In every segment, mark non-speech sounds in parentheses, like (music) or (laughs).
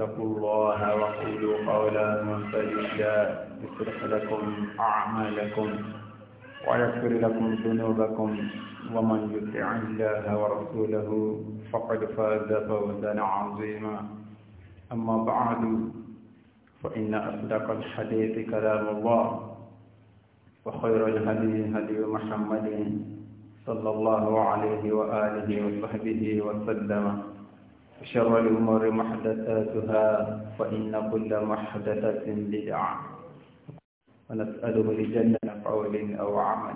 واتقوا الله وقولوا قولا سديدا يصلح لكم أعمالكم ويغفر لكم ذنوبكم ومن يطع الله ورسوله فقد فاز فوزا عظيما أما بعد فإن أصدق الحديث كلام الله وخير الهدي هدي محمد صلى الله عليه وآله وصحبه وسلم شر الأمور محدثاتها فإن كل محدثة بدعة ونسأله لجنة قول أو عمل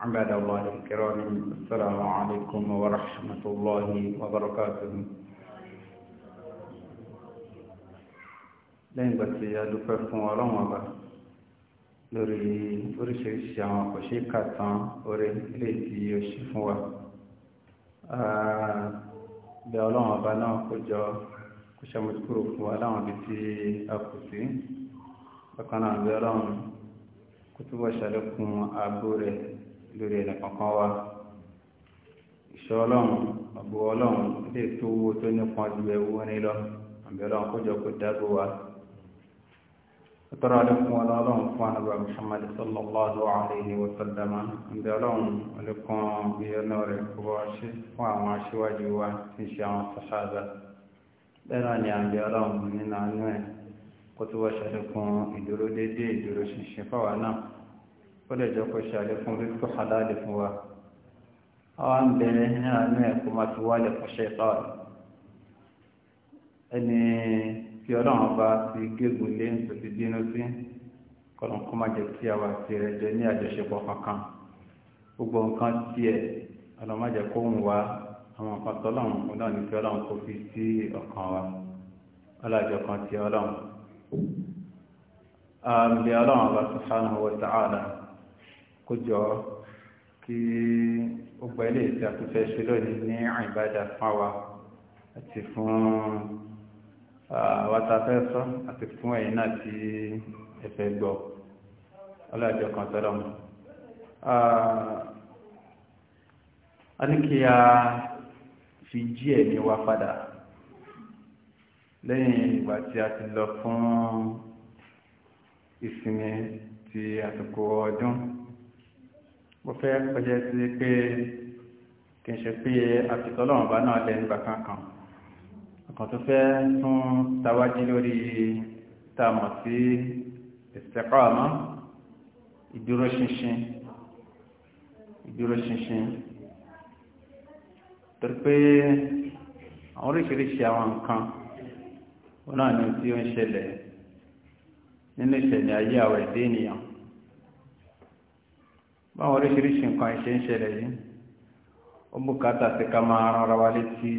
عباد الله الكرام السلام عليكم ورحمة الله وبركاته lẹ́yìn بس يا دكتور dúpẹ́ fún ọlọ́run ọba lórí oríṣiríṣi àwọn àkọsíkà tán orí bẹ ọlọ́run ọba náà kó jọ kó ṣàmójúkúrò fún wa láwọn ibi tí a kù sí bákan náà bẹ ọlọ́run kó túbọ̀ ṣàlékún ààbò rẹ̀ lórí ẹnì kankan wa ìṣọ́ ọlọ́run ààbò ọlọ́run lè tó owó tó nípọn ju ẹ̀wù ní lọ àbẹ̀ ọlọ́run kó jọ kó dáàbò wa tọrọ alekun ọlọ́run fún anabi muhammad sallallahu alayhi wa sallam ndé ọlọ́run alekun ìyẹnà rẹ kúbọ ṣe fún àwọn aṣíwájú wa tí ń ṣe àwọn sàṣàdà bẹ́ẹ̀ náà ni àǹdé ọlọ́run nínú àánú ẹ kó tó wá ṣàlékún ìdúró déédéé ìdúró ṣinṣin fáwa náà ó lè jọ kó ṣàlékún ríkú halálì fún wa àwọn ń bẹ̀rẹ̀ nínú àánú ẹ kó má fi wálé fún ṣe tí ọlọ́run bá ti gégùn lé tó ti dínú sí kọ́nà kó má jẹ́ kí àwa ti rẹ̀ jẹ́ ní àjọṣepọ̀ kankan gbogbo nǹkan tiẹ̀ ọlọ́run má jẹ́ kó ń wá àwọn nǹkan tọ́lọ́run fún náà ní kí ọlọ́run kó fi sí ọkàn wa ọlọ́jọ́ kan ti ọlọ́run. àmì ọlọ́run ọba subhanahu wa ta'ala kó jọ kí ó gba ilé ìtàkùnfẹ́ ṣe lónìí ní àìbádà fáwa àti fún àwátafẹ́ sọ àti fún ẹ̀yin náà tí ẹ̀fẹ́ gbọ́ ọlọ́ọ̀jọ́ kan sọ́dọ̀ mọ́ a ní kí a fi jí ẹ̀mí wa padà lẹ́yìn ìgbà tí a ti lọ fún ìsinmi ti àsìkò ọdún mo fẹ́ kọjá sí pé kì í ṣe pé àfitọ́lọ́wọ̀n bá náà lẹ́nu bàkan kan. kan nǹkan tó fẹ́ tún tawájí lórí tamọ̀ sí istiqama ìdúróṣinṣin ìdúróṣinṣin torí pé àwọn oríṣiríṣi àwọn nǹkan wọn náà ní tí ó ń ṣẹlẹ̀ nínú ìṣẹ̀lẹ̀ ayé àwọn ẹ̀dẹ́ ènìyàn báwọn oríṣiríṣi nǹkan ìṣe ń ṣẹlẹ̀ yìí ó bùkátà sí ká máa rán ara wa létí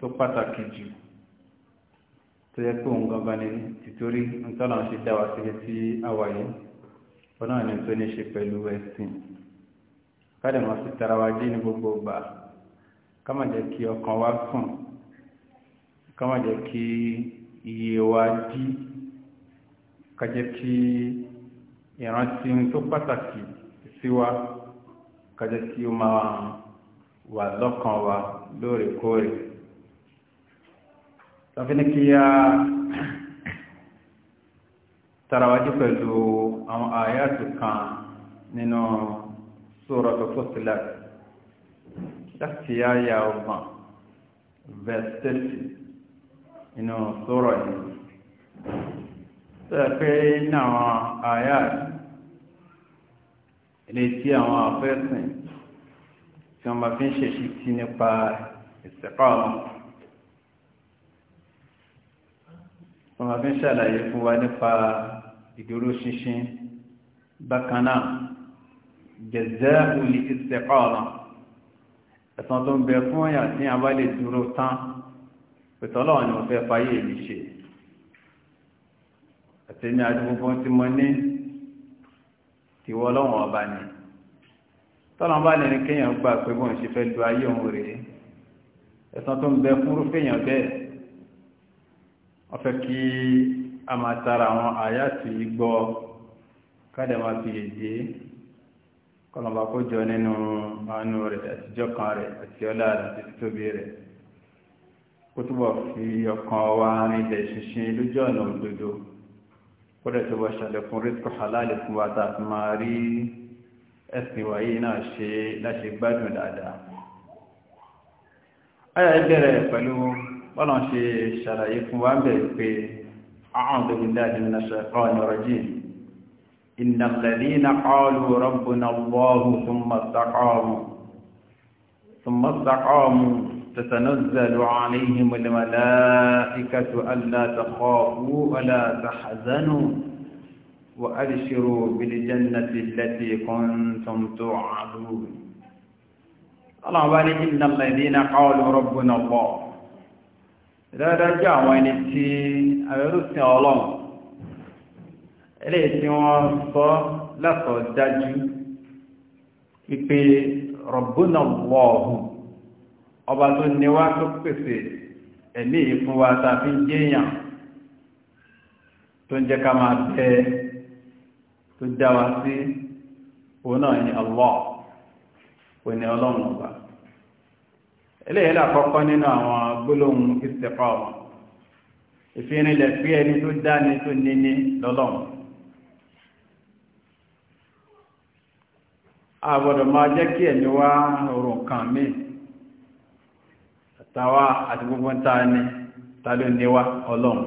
tó pàtàkì jù tó yẹ pé òun gangan ni tìtorí ntọ́nà ṣe dá wa sílẹ̀ sí àwàyé ọ̀nà ni tó ní ṣe pẹ̀lú ẹ̀sìn káde máa fi tara wa jí ní gbogbo ìgbà ká má jẹ́ kí ọkàn wa sùn ká má kí iye wa dí ká kí ìrántí tó pàtàkì sí wa ká kí ó máa wà lọ́kàn wa lóòrèkóòrè tàbí ní kí a tarawájú pẹ̀lú àwọn àyàtù kan nínú Suratu Fussilat láti àyà ọgbọ̀n vẹ́sítẹ́sì inú sọ́rọ̀ yìí tẹ́lẹ̀ pé ní àwọn àyàtù ilé tí àwọn àfẹ́sìn tí wọ́n bá fi ń ṣe sí ti nípa istiqama wọ́n máa fi ń ṣàlàyé fún wa nípa ìdúró ṣinṣin bákan náà jazā'u l-istiqāmah ẹ̀sán tó ń bẹ fún ọ̀yà tí a bá lè dúró tán pẹ̀tọ́lọ́wọ́ ni mo fẹ́ fayé mi ṣe àtẹ̀mí àdúgbò tí mo ní tìwọ́ ọlọ́wọ́n ọba ni tọ́lọ́n bá lẹ́ni kéèyàn gbà pé bóun ṣe fẹ́ lu ayé òun rèé ẹ̀sán tó ń bẹ fúnrúfèèyàn bẹ́ẹ̀ wọ́n fẹ́ kí a máa tara àwọn àyà tí gbọ́ káàdà máa fi èdè kọlọ̀mbà kó jọ nínú àánú rẹ̀ àtijọ́ kan rẹ̀ àti ọlá àti títóbi rẹ̀ kó túbọ̀ fi ọkàn wa rìn ilẹ̀ ṣinṣin lójú ọ̀nà òdodo kó dẹ̀ tó ṣàlẹ̀kùn rísíkù halálì fún wa tá a fi máa rí ẹ̀sìn wáyé náà ṣe láti gbádùn dáadáa. ayà ìbẹ̀rẹ̀ pẹ̀lú bọ́lá ń ṣe ṣàlàyé fún wa bẹ̀rẹ̀ pé أعوذ بالله من الشيطان الرجيم إن الذين قالوا ربنا الله ثم استقاموا ثم استقاموا تتنزل عليهم الملائكة ألا تخافوا ولا تحزنوا وأبشروا بالجنة التي كنتم توعدون اللهم إن الذين قالوا ربنا الله ìdájọ́ àwọn ẹni tí àwẹ̀rúsìn ọlọ́run eléyìí tí wọ́n sọ látọ̀ dájú ìpè rọ̀bùnà ọba tó níwá tó pèsè ẹ̀mí ìfún wa tàbí jéèyàn tó ń jẹ́ ká máa tẹ tó dá wa sí òun náà ni Allah òun ọlọ́run ọba eléyìí gbólóhùn istiqama ìfinilẹ̀ pé ẹni tó tó níní lọ́lọ́run. a máa jẹ́ kí ẹ̀mí wá ọ̀rọ̀ kan mí àti gbogbo ta ni ta ló ní wá ọlọ́run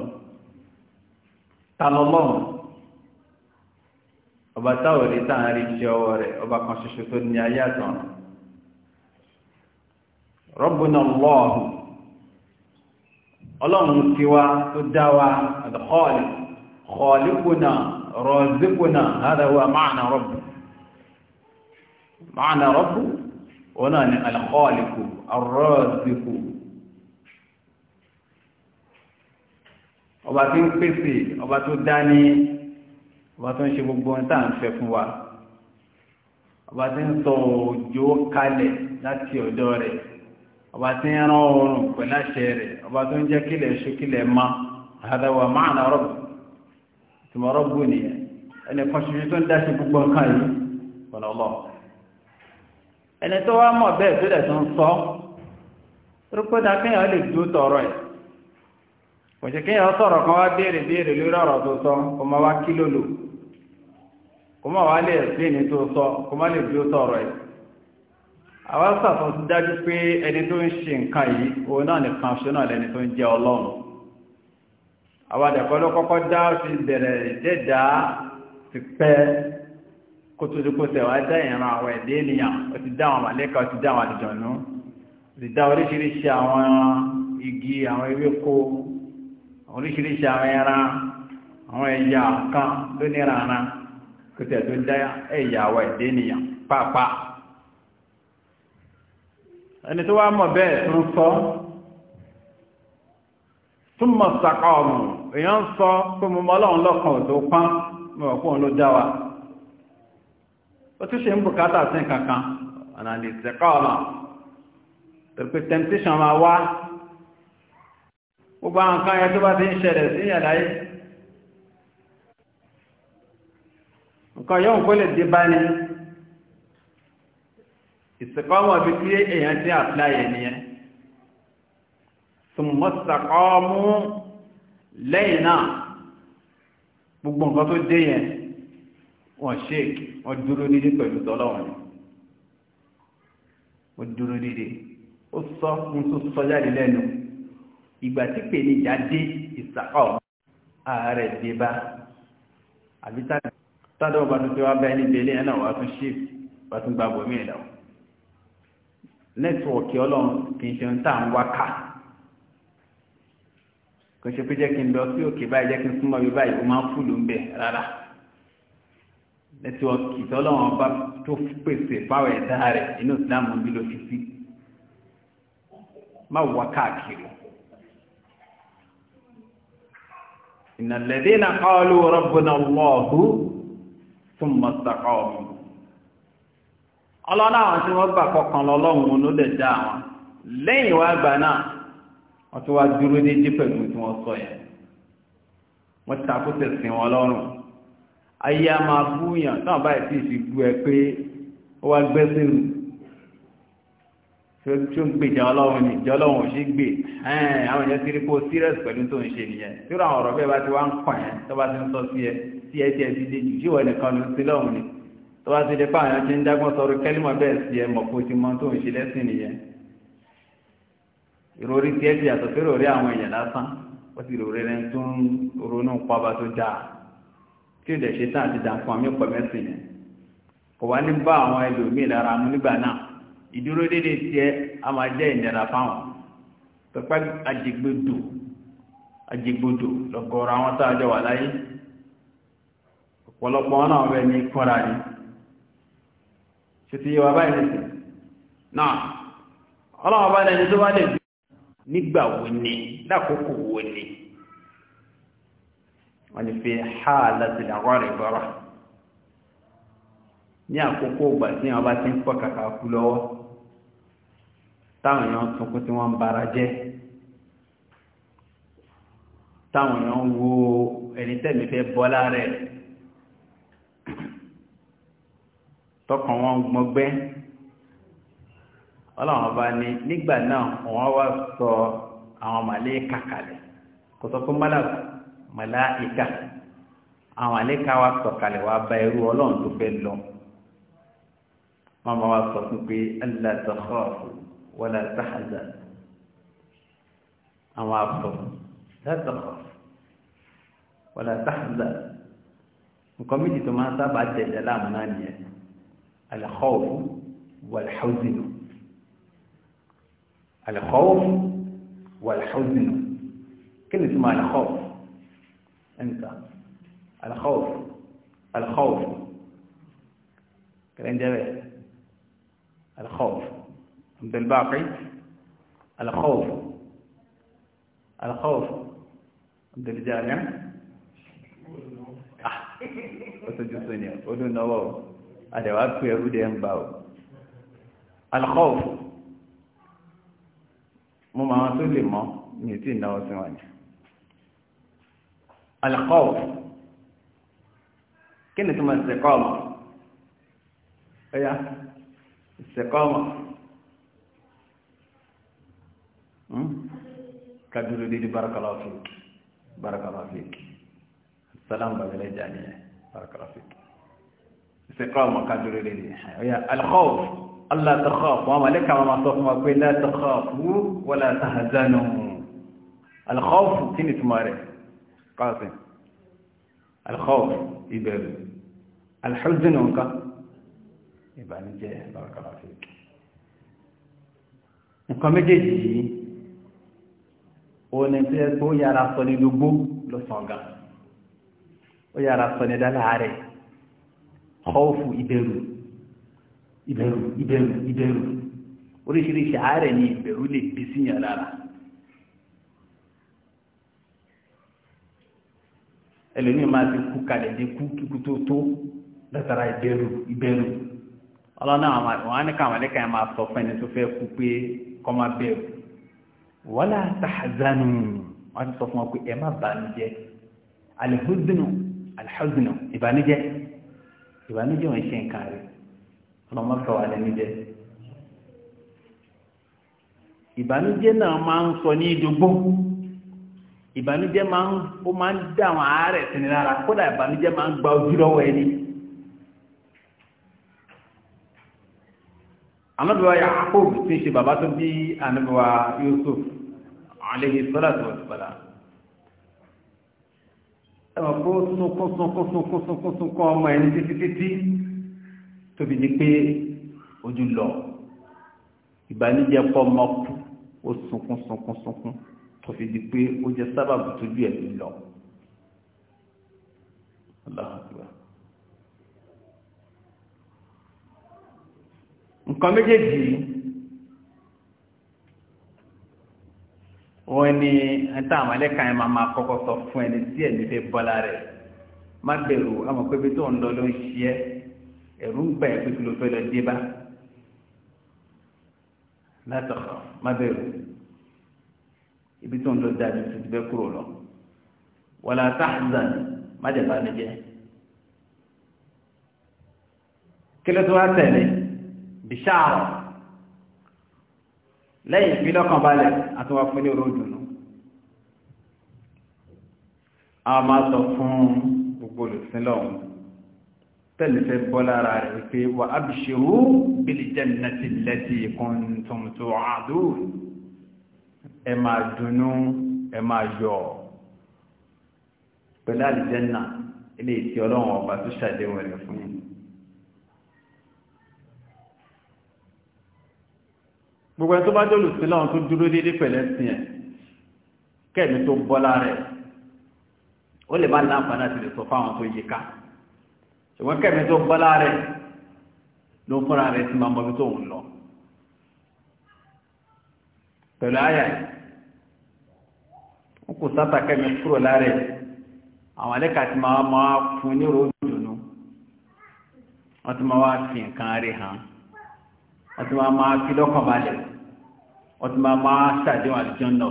ta lọ́lọ́run ọba táwọn rí tá à ń rí ọba kan ṣoṣo tó ní ayé ọlọ́run tiwa tó dá wa àdìkọ́ọ̀lì kọ̀ọ̀lìkùnà rọ̀zíkùnà hádàwà máàna rọ̀bù máàna rọ̀bù wọn náà ni àdìkọ́ọ̀lìkù àrọ̀zíkù ọba tí ń pèsè ọba tó dání ọba tó ń ṣe gbogbo ohun ń fẹ́ fún wa ọba tí ń sọ òjò kalẹ̀ láti ọ̀dọ̀ rẹ̀ ọba tí ń rán oòrùn pẹ̀lú àṣẹ rẹ̀ ọba tó ń jẹ́ kílẹ̀ ṣú kílẹ̀ má wa máàna rọ̀bù tìmọ̀ nìyẹn ẹni tó ń dá sí gbogbo nǹkan yìí ọlọ́ ẹni tó wá mọ̀ bẹ́ẹ̀ tó dẹ̀ tó ń sọ rúpẹ́ kéèyàn lè ẹ̀ kò kéèyàn sọ̀rọ̀ kan wá béèrè béèrè lórí ọ̀rọ̀ tó sọ kó má wá kó má wá lè sọ kó má lè àwọn sàtọ̀ ti dájú pé ẹni tó ń ṣe nǹkan yìí òun náà nìkan ṣe náà lẹni tó ń jẹ ọlọ́run àwọn àdẹ̀kọ́ ló kọ́kọ́ dá bẹ̀rẹ̀ ìdẹ́dá ti pẹ́ kó tó dúkó tẹ̀ wá dá ìran àwọn ẹ̀dẹ́ ènìyàn ó ti dá àwọn màlẹ́kà ó ti dá àwọn àdìjọ̀nú ó ti dá oríṣiríṣi àwọn igi àwọn ewéko oríṣiríṣi àwọn ẹran àwọn ẹ̀yà kan lóníranran kó tẹ̀ tó dá ẹ̀yà àwọn ẹ̀dẹ́ ènìyàn pàápàá ẹni tó wá mọ̀ bẹ́ẹ̀ tó ń sọ tó mọ̀ sàkà ọ̀mù èèyàn ń sọ pé mo mọ ọlọ́run lọ́kàn tó pán mo mọ̀ fóun ló já wa ó tún ṣe ń bùkátà sí kankan ọ̀nà lè sẹ́kọ̀ ọ̀nà pẹ̀lú temptation máa wá gbogbo àwọn nǹkan yẹn tó bá ti ń ṣẹlẹ̀ sí ìyàrá yìí nǹkan yóò kó lè dé bá ìsìkọ́mọ̀ bí tí èèyàn ti àpláyé nìyẹn sùmọ́sàkọ́mú lẹ́yìn náà gbogbo nǹkan tó dé yẹn wọ́n ṣéèkì wọ́n dúró nídé pẹ̀lú tọ́lọ́wọ́n ni wọ́n dúró nídé ó sọ ń tún sọ jáde lẹ́nu ìgbà tí pèníjà dé ìsàkọ́ ààrẹ dé bá àbí tádọ́ bá tún ti wá bẹ́ẹ̀ níbi ilé ẹ̀ náà wá tún ṣíìpù wá tún gbàgbọ́ mí ìdáwọ́ nẹ́tíwọ̀kì ọlọ́run kì í ṣe ń tà ń wá ká kò ṣe pé jẹ́ kí n lọ sí òkè báyìí jẹ́ kí n súnmọ́ bí báyìí ó máa ń fúlù ń bẹ̀ rárá nẹ́tíwọ̀kì tọ́lọ́run bá tó pèsè fáwọn ẹ̀dá rẹ̀ inú ìsìlámù bí ló fi sí má wá káàkiri. ìnàlẹ́dínà qalu rabbuna Allahu thumma istaqamu ọlọ́nà àwọn tí wọ́n gbà kọkàn lọ́lọ́run ló lè dá àwọn lẹ́yìn wá gbà náà wọ́n tó wá dúró déédé pẹ̀lú tí wọ́n sọ yẹn wọ́n ti takú tẹ̀sìn wọn lọ́rùn ayé a máa búyàn náà báyìí sì fi bú ẹ pé ó wá gbẹ́sẹ̀ rù tí ó ń gbèjà ọlọ́run ni ìjọ ọlọ́run ò sí gbè àwọn èèyàn ti rí kó serious pẹ̀lú tó ń ṣe nìyẹn tí ó ra àwọn ọ̀rọ̀ bẹ́ẹ̀ bá ti wá ń pọ̀ yẹn tó bá ti ń sọ sí ẹ tí ẹ ti ẹ ti dé jù sí nìkan ló ń sí lọ́run ni tó bá ti di pa ń dágbọ́n sọ̀rọ̀ kẹ́límọ̀ bẹ́ẹ̀ sí ẹ mọ̀ kó ti mọ tó ń ṣe lẹ́sìn nìyẹn ìròrí tiẹ̀ ti yàtọ̀ sí ìròrí àwọn èèyàn lásán ó sì ròrí rẹ tó ń ronú tó dáa tí ṣe tán àti mi pọ̀ mẹ́sìn yẹn kò wá ní bá àwọn ẹlòmíì lára nígbà náà ìdúró dédé tiẹ̀ a máa jẹ́ ìnira fáwọn pẹpẹ títí yíwa báyìí nìsí náà ọlọ́wọ́ bá lẹ́ni tó bá lè bí nígbà wo ni lákòókò wo ni wọ́n ni fi hààlà ti lè rọrìn bọ́rọ̀ ní àkókò ìgbà tí wọ́n bá ti ń pọ̀ kàkà kú lọ́wọ́ táwọn èèyàn tuntun tí wọ́n ń bara jẹ́ táwọn èèyàn wo ẹni tẹ́mi fẹ́ bọ́ rẹ̀ tọkàn wọn gbọgbẹ́ ọlọ́run ọba ni nígbà náà wọ́n wá sọ àwọn màlẹ́kà kalẹ̀ kò sọ fún málàkù màláìkà àwọn màlẹ́kà wá sọ kalẹ̀ wá bá ẹrú ọlọ́run tó fẹ́ lọ màmá wa sọ fún pé alla takhafu wala tahzan àwọn afọ la takhafu wala nǹkan méjì tó máa sábà tẹ̀lé láàmú náà nìyẹn. الخوف والحزن الخوف والحزن كل اسمها الخوف انت الخوف الخوف كلام جميل الخوف عند الباقي الخوف الخوف عند الجامع أحسن وتجسني ودون نواو ada waktu ya udah yang bau al khawf mo máa wọn tó lè mọ́ ní tí jù alkhọ́ọ̀fù kí ni ti na si máa ṣe kọ́ọ̀mù ẹ̀yà ṣe kọ́ọ̀mù kadulu didi barakallahu fik barakallahu fik salam bagale janiye barakallahu fik استقامة قدر لله الخوف ألا تخافوا وما لك ما صفوا لا تخافوا ولا تهزنوا الخوف تيني تماري قاسم الخوف يبالي الحزن وكا يبالي جاي بارك الله فيك nǹkan méjèèjì yìí òun ni tí ó yára sọ ní gbogbo ló sọ̀gá ó yára sọ ní dáláàárẹ̀ kọ́ọ̀fù ìbẹ̀rù ìbẹ̀rù ìbẹ̀rù ìbẹ̀rù oríṣiríṣi àárẹ̀ ni ìbẹ̀rù lè bí síyàn lára ẹlòmíì máa ti kú kalẹ̀ dé kú kíkú tó tó látara ìbẹ̀rù ìbẹ̀rù ọlọ́nà àwọn àníkà àwọn ẹlẹ́kà yẹn máa sọ fún ẹni tó fẹ́ kú pé kọ́ máa bẹ̀rù wala tahzanu wọ́n ti sọ fún wọn pé ẹ má bàánú jẹ́ alhuznu alhuznu ìbànújẹ́ ìbànújẹ́ wọn ṣe nǹkan rẹ̀ ọlọ́mọ sọ wà lẹ́nu jẹ́ ìbànújẹ́ náà máa ń sọ ní ìdógbó ìbànújẹ́ máa ń ó máa ń dá àwọn àárẹ̀ sínú lára kódà ìbànújẹ́ máa ń gba ojú lọ́wọ́ ẹni. anábìwá Yakub tí ń ṣe bàbá tó bí anábìwá Yusuf alayhi salatu wa salam ẹ̀wọ̀n kó súnkúnsúnkúnsúnkúnsúnkọ́ ọmọ ẹni títí títí tóbi di pé ojú lọ ìbànújẹ́ pọ̀ mọ́ kú ó súnkúnsúnkúnsúnkún tóbi di pé ó jẹ sábàbù tójú ẹ̀ lọ. nǹkan méjèèjì yìí. òun ni ẹ̀ta àmàlẹ́ka yẹn máa máa kọ́kọ́ sọ fún ẹni tí ẹ̀mí fẹ́ bọ́lá rẹ̀ má bẹ̀rù àmọ́ pé bí tó ń lọ ló ń ṣiẹ́ ẹ̀rù ń gbà ẹ̀ pé kí ló fẹ́ lọ dé bá látọ̀kọ̀ má bẹ̀rù ibi tó ń lọ dájú tó ti fẹ́ kúrò lọ wàlá táàzàn má jẹ̀ bá mi jẹ́ kí tó wá tẹ̀lé bìṣáà lẹ́yìn ìfilọ́kànbalẹ̀ àtúwà fún a máa sọ fún gbogbo olùsílọ́hún tẹ́lifẹ̀ bọ́ lára rẹ̀ wípé wà á bì ṣerú bílí jannati allati kuntum tu'adun ẹ máa dunnú ẹ máa yọ̀ pẹ̀lú àlìjẹ́nà ilé ìtì ọlọ́run ọba tó ṣàdéhùn rẹ̀ fún yìí gbogbo ẹ̀ tó bá dólù sílọ́run tó dúró déédéé pẹ̀lẹ́sìn ẹ̀ kẹ́ẹ̀mí tó bọ́lá rẹ̀ ó lè má láǹfààní àti lè sọ fáwọn tó yí ká ṣùgbọ́n kẹ́mi tó bọ́lá rẹ̀ ló fúnra rẹ̀ ti máa mọ ibi tó ń lọ pẹ̀lú àyà yìí wọn kò sáta kẹ́mi kúrò lára ẹ̀ àwọn alẹ́ kàti máa máa fún ní ròdùnú wọ́n ti máa wá fi nǹkan rí hàn wọ́n ti máa máa fi lọ́kàn balẹ̀ wọ́n ti máa máa ṣàdéhùn àlùjọ náà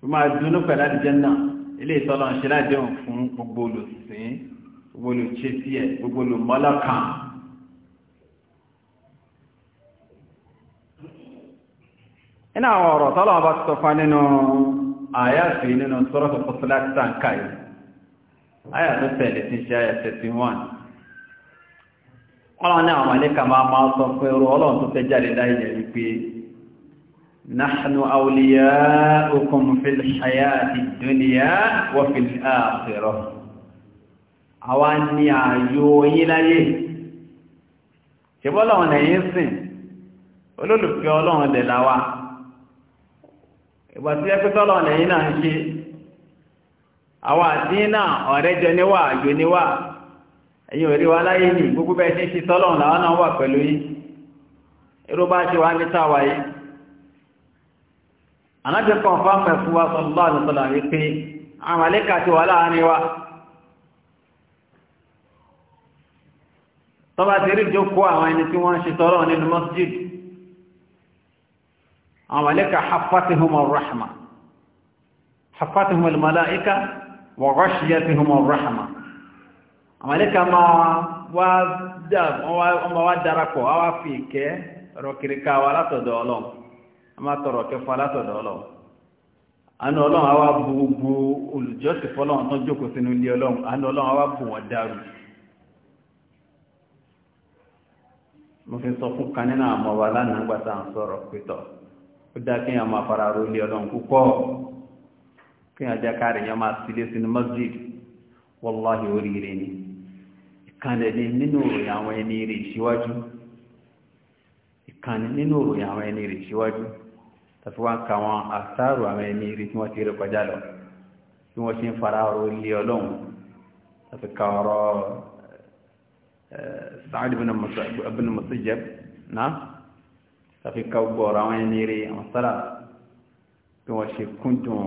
wọ́n máa dunú pẹ̀lú àlùjọ náà ilé ìtọ́lọ́ ń ṣe ládéhùn fún gbogbo olùsìn gbogbo olùṣesí ẹ̀ gbogbo olùmọ́lọ́kàn. iná àwọn ọ̀rọ̀ tọ́lọ́ ọba ti sọfún nínú àyàfi nínú sọ́rọ́tò fọ́sílátì tàǹkà yìí àyà tó tẹ̀lé ti ṣe àyà thirty one ọlọ́run ní àwọn màlẹ́kà máa máa sọ pé ọlọ́run tó fẹ́ jáde láyé yẹn wípé نحن أولياؤكم في الحياة الدنيا وفي الآخرة أواني عيوي لي ṣebọ́lá ọ̀nà yìí sìn olólùfẹ́ ọlọ́run ṣe wa láyé ní gbogbo ṣe wà pẹ̀lú yìí bá ṣe ní yìí anájẹ kọ̀nfàm ẹ̀fún wa sọ̀lọ́lá àdìsọ́lá wípé àmàlẹ́kà ti wà láàrin wa tọ́ba ti rí jókòó àwọn ẹni tí wọ́n ń ṣe tọrọ nínú masjid àmàlẹ́kà hafatihum arrahma hafatihum almalaika wa ghashiyatihum arrahma àmàlẹ́kà máa wá darapọ̀ wá fi ìkẹ́ rọ̀kìríkà wa látọ̀dọ̀ ọlọ́run a m'a tọrọ kẹfọ alátọ̀dọ̀ ọlọ́run àánú ọlọ́run àwa bu gbogbo olùjọ́sìn fọlọ́run tán jókòó sínú ilé ọlọ́run àánú ọlọ́run àwa bù wọ́n dàrú mo fi sọ fún kan nínú àmọ́ wa fara ro ilé ọlọ́run tàbí wọ́n ka wọn àtàrò àwọn ẹni rí tí wọ́n ti rí kọjá lọ tí wọ́n ti ń fara ọ̀rọ̀ ilé ọlọ́run tàbí ka ọ̀rọ̀ Sa'd ibn Musayyab náà tàbí ka gbọ́ọ̀rọ̀ àwọn ẹni rí àwọn sára bí wọ́n ṣe kúndùn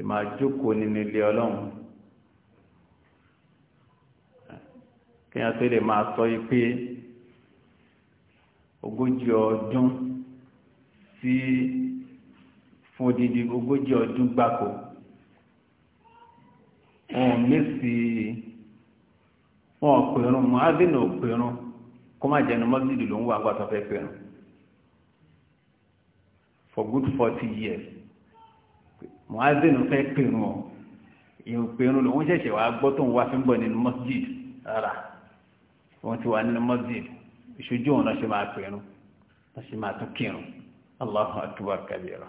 ìmá jókòó nínú ilé ọlọ́run kí wọ́n tó lè máa sọ yí ogójì ọdún sí fún odidi ogójì ọdún gbáko wọn mèsì wọn pèrún mọ́ádínà pèrún kó má jẹnu mọ́sídì ló ń wà gbàtọ́ fẹ́ pèrún for good forty years mọ́ádínà fẹ́ pèrún ọ èèyàn pèrún ló ń ṣẹ̀ṣẹ̀ wá gbọ́ tó ń wá fi ń bọ̀ nínú mọ́sídì rárá wọn ti wà nínú mọ́sídì ìṣojú òun náà ṣe máa pèrún náà ṣe máa tún kírun. Allahu akbar kabira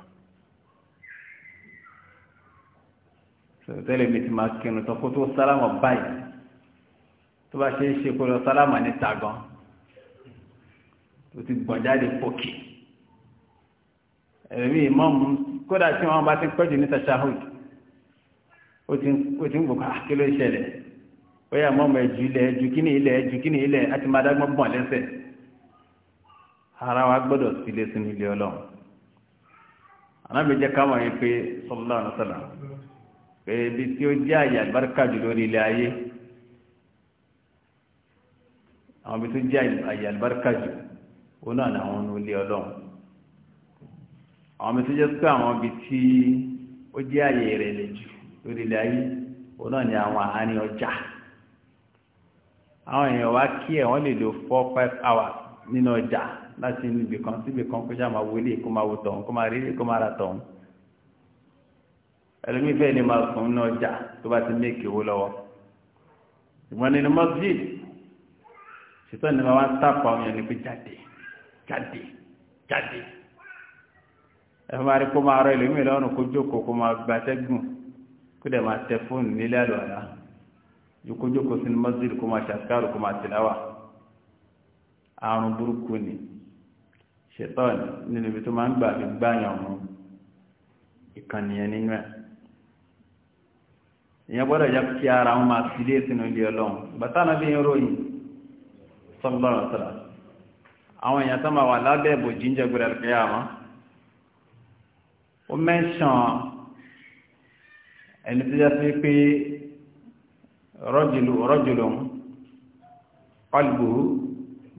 tẹ́lẹ̀ mi ti máa kinu tó kó tó sálámà báyìí tó bá ṣe é ṣe kó lọ sálámà níta gan tó ti gbọ̀n jáde pòkì ẹ̀mí ìmọ̀mù kódà tí wọ́n bá ti pẹ́jù níta ṣáhùd ó ti ń gbòkó àkíló ìṣẹ̀lẹ̀ ó yà mọ́mù ẹ̀jú ilẹ̀ ẹ̀jú kíní ilẹ̀ ẹ̀jú kíní ilẹ̀ àti máa dágbọ́n bọ̀n lẹ́sẹ̀ ara wa gbọ́dọ̀ sílé sínú ilé ọlọ́run anábìjẹ́ káwọn yẹn pé sallallahu alaihi wasallam pé ibi tí ó jẹ́ àyè àlùbáríkà jù lórí ilé ayé àwọn ibi tó jẹ́ àyè àlùbáríkà jù ó náà ní àwọn ilé ọlọ́run àwọn ibi tó jẹ́ pé àwọn ibi tí ó jẹ́ àyè ìrẹ̀lẹ̀ jù lórí ilé ayé ó náà ní àwọn àárín ọjà àwọn èèyàn wá kí ẹ̀ wọ́n lè lò four five hours nínú ọjà láti inú ibì kan síbì kan kó sáà máa wọlé kó máa wò tọ̀hún kó máa rí kó máa ra tọ̀hún ẹlòmíì fẹ́ẹ́ ni máa sùn náà jà tó bá ti méèkì owó lọ́wọ́ ìgbọ́n nínú masjid ṣètò ní máa wá ń tàpá ọ̀yàn ní pé jáde jáde jáde ẹ máa rí kó máa rọ ẹlòmíì lọ́rùn kó jókòó kó máa gbatẹ́gùn kó dẹ̀ máa tẹ fóònù nílé àlùwàlá jókòó sínú masjid kó máa ṣàkárò àrùn burúkú ni ṣètọ́ọ̀nì nínú ibi tó máa ń gbà fi gbáyàn mú ìkànnìyàn nínú ẹ̀ èèyàn gbọ́dọ̀ jẹ́ kí ara wọn máa fi lé sínú ilé ọlọ́run bàtánà bí ń ròyìn sọ́lọ́rọ̀ sọ́lá àwọn èèyàn tó máa wà lábẹ́ ìbò jíjẹ gbọ́dọ̀ pé àwọn ó mẹ́sàn ẹni tó jẹ́ sí pé rọ́jùlù rọ́jùlù qalbuhu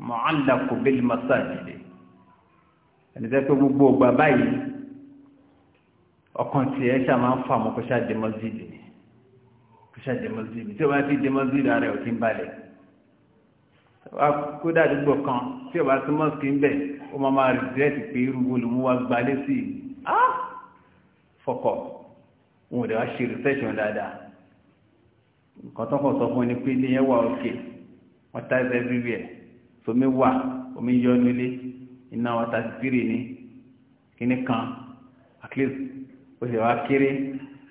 mu'allaqu bil masajid ẹnìtẹ́ pé gbogbo ọgbà báyìí ọkàn tí ẹ ṣá máa ń fà mọ́ kó ṣáà dẹ́mọ́sídì ni kó ṣáà dẹ́mọ́sídì tí o bá ti dẹ́mọ́sídì ara ẹ̀ ò ti ń balẹ̀ kódà àdúgbò kan tí o bá ti mọ́sìkì ń bẹ̀ ó máa máa rìgírẹ́tì pé irú olùmúwa gbalẹ̀ sí i fọkọ̀ wọn ò dẹ̀ wá ṣe rìfẹ́ṣọ̀n dáadáa nǹkan tó kàn sọ fún ni pé ilé yẹn wà òkè wọ́n tá ẹsẹ̀ everywhere omi iná wa tàbí pírì ní kíní kan at least ó sì wá kéré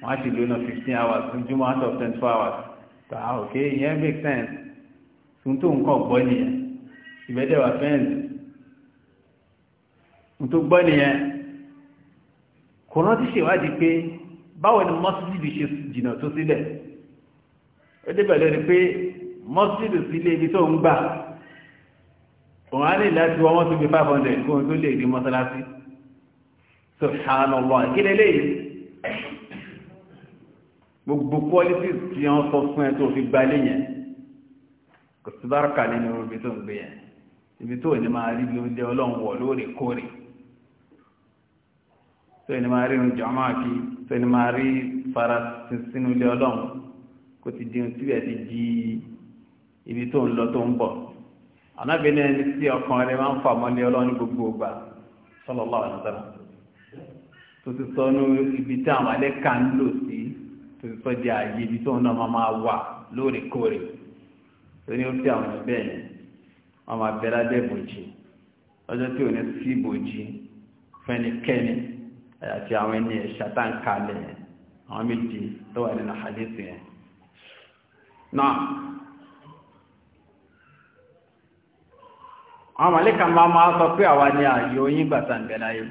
wọ́n á sì lónà 15 hours júmọ́ out of 24 hours tà á òkè ìyẹn make sense tún tó nǹkan gbọ́ nìyẹn ìbẹ́dẹ̀ wà fẹ́ǹsì tún tó gbọ́ nìyẹn kò rántí ṣèwádìí pé báwo ni mọ́sílìdì ṣe jìnà tó sílẹ̀ ó débẹ̀ lórí pé mọ́sílìdì sílé ibi tó ń gbà òun á lè láti wọ́n wọ́n tún bí 500 kóhun tó lè di mọ́sálásí subhanallah ìkílẹ̀ léyìí gbogbo politics tí wọ́n sọ fún ẹ tó fi gba ilé yẹn kò sí bárkà nínú ibi tó ń gbé yẹn ibi tó ní máa rí bí oúnjẹ ọlọ́run wọ̀ lóòrèkóòrè tó ní máa rí oúnjẹ ọmọ àkí tó ní máa rí fara sínú ilé ọlọ́run kò ti di ohun tí bẹ́ẹ̀ ti di ibi tó ń lọ tó ń bọ̀ anábìnrin ẹni tí ọkàn rẹ máa ń fà mọ́lé ọlọ́run gbogbo ọgbà sallallahu alaihi wasallam tó ti sọ ní ibi tí àwọn alẹ́ka ń lò sí tó ti sọ di ààyè ibi tó ń náà máa máa wà lóòrèkóòrè tó ní ó fi àwọn ẹ̀ bẹ́ẹ̀ wọn máa bẹ lábẹ́ ìbòjì lọ́jọ́ tí ò ní sí ìbòjì fẹ́nikẹ́ni àti àwọn ẹni ẹ̀ ṣàtàǹkalẹ̀ àwọn méje tó wà nínú àdéhùn yẹn náà. àwọn màlíkà máa máa sọ pé àwa ni ààyò yín gbàtà ìgbẹ̀láyé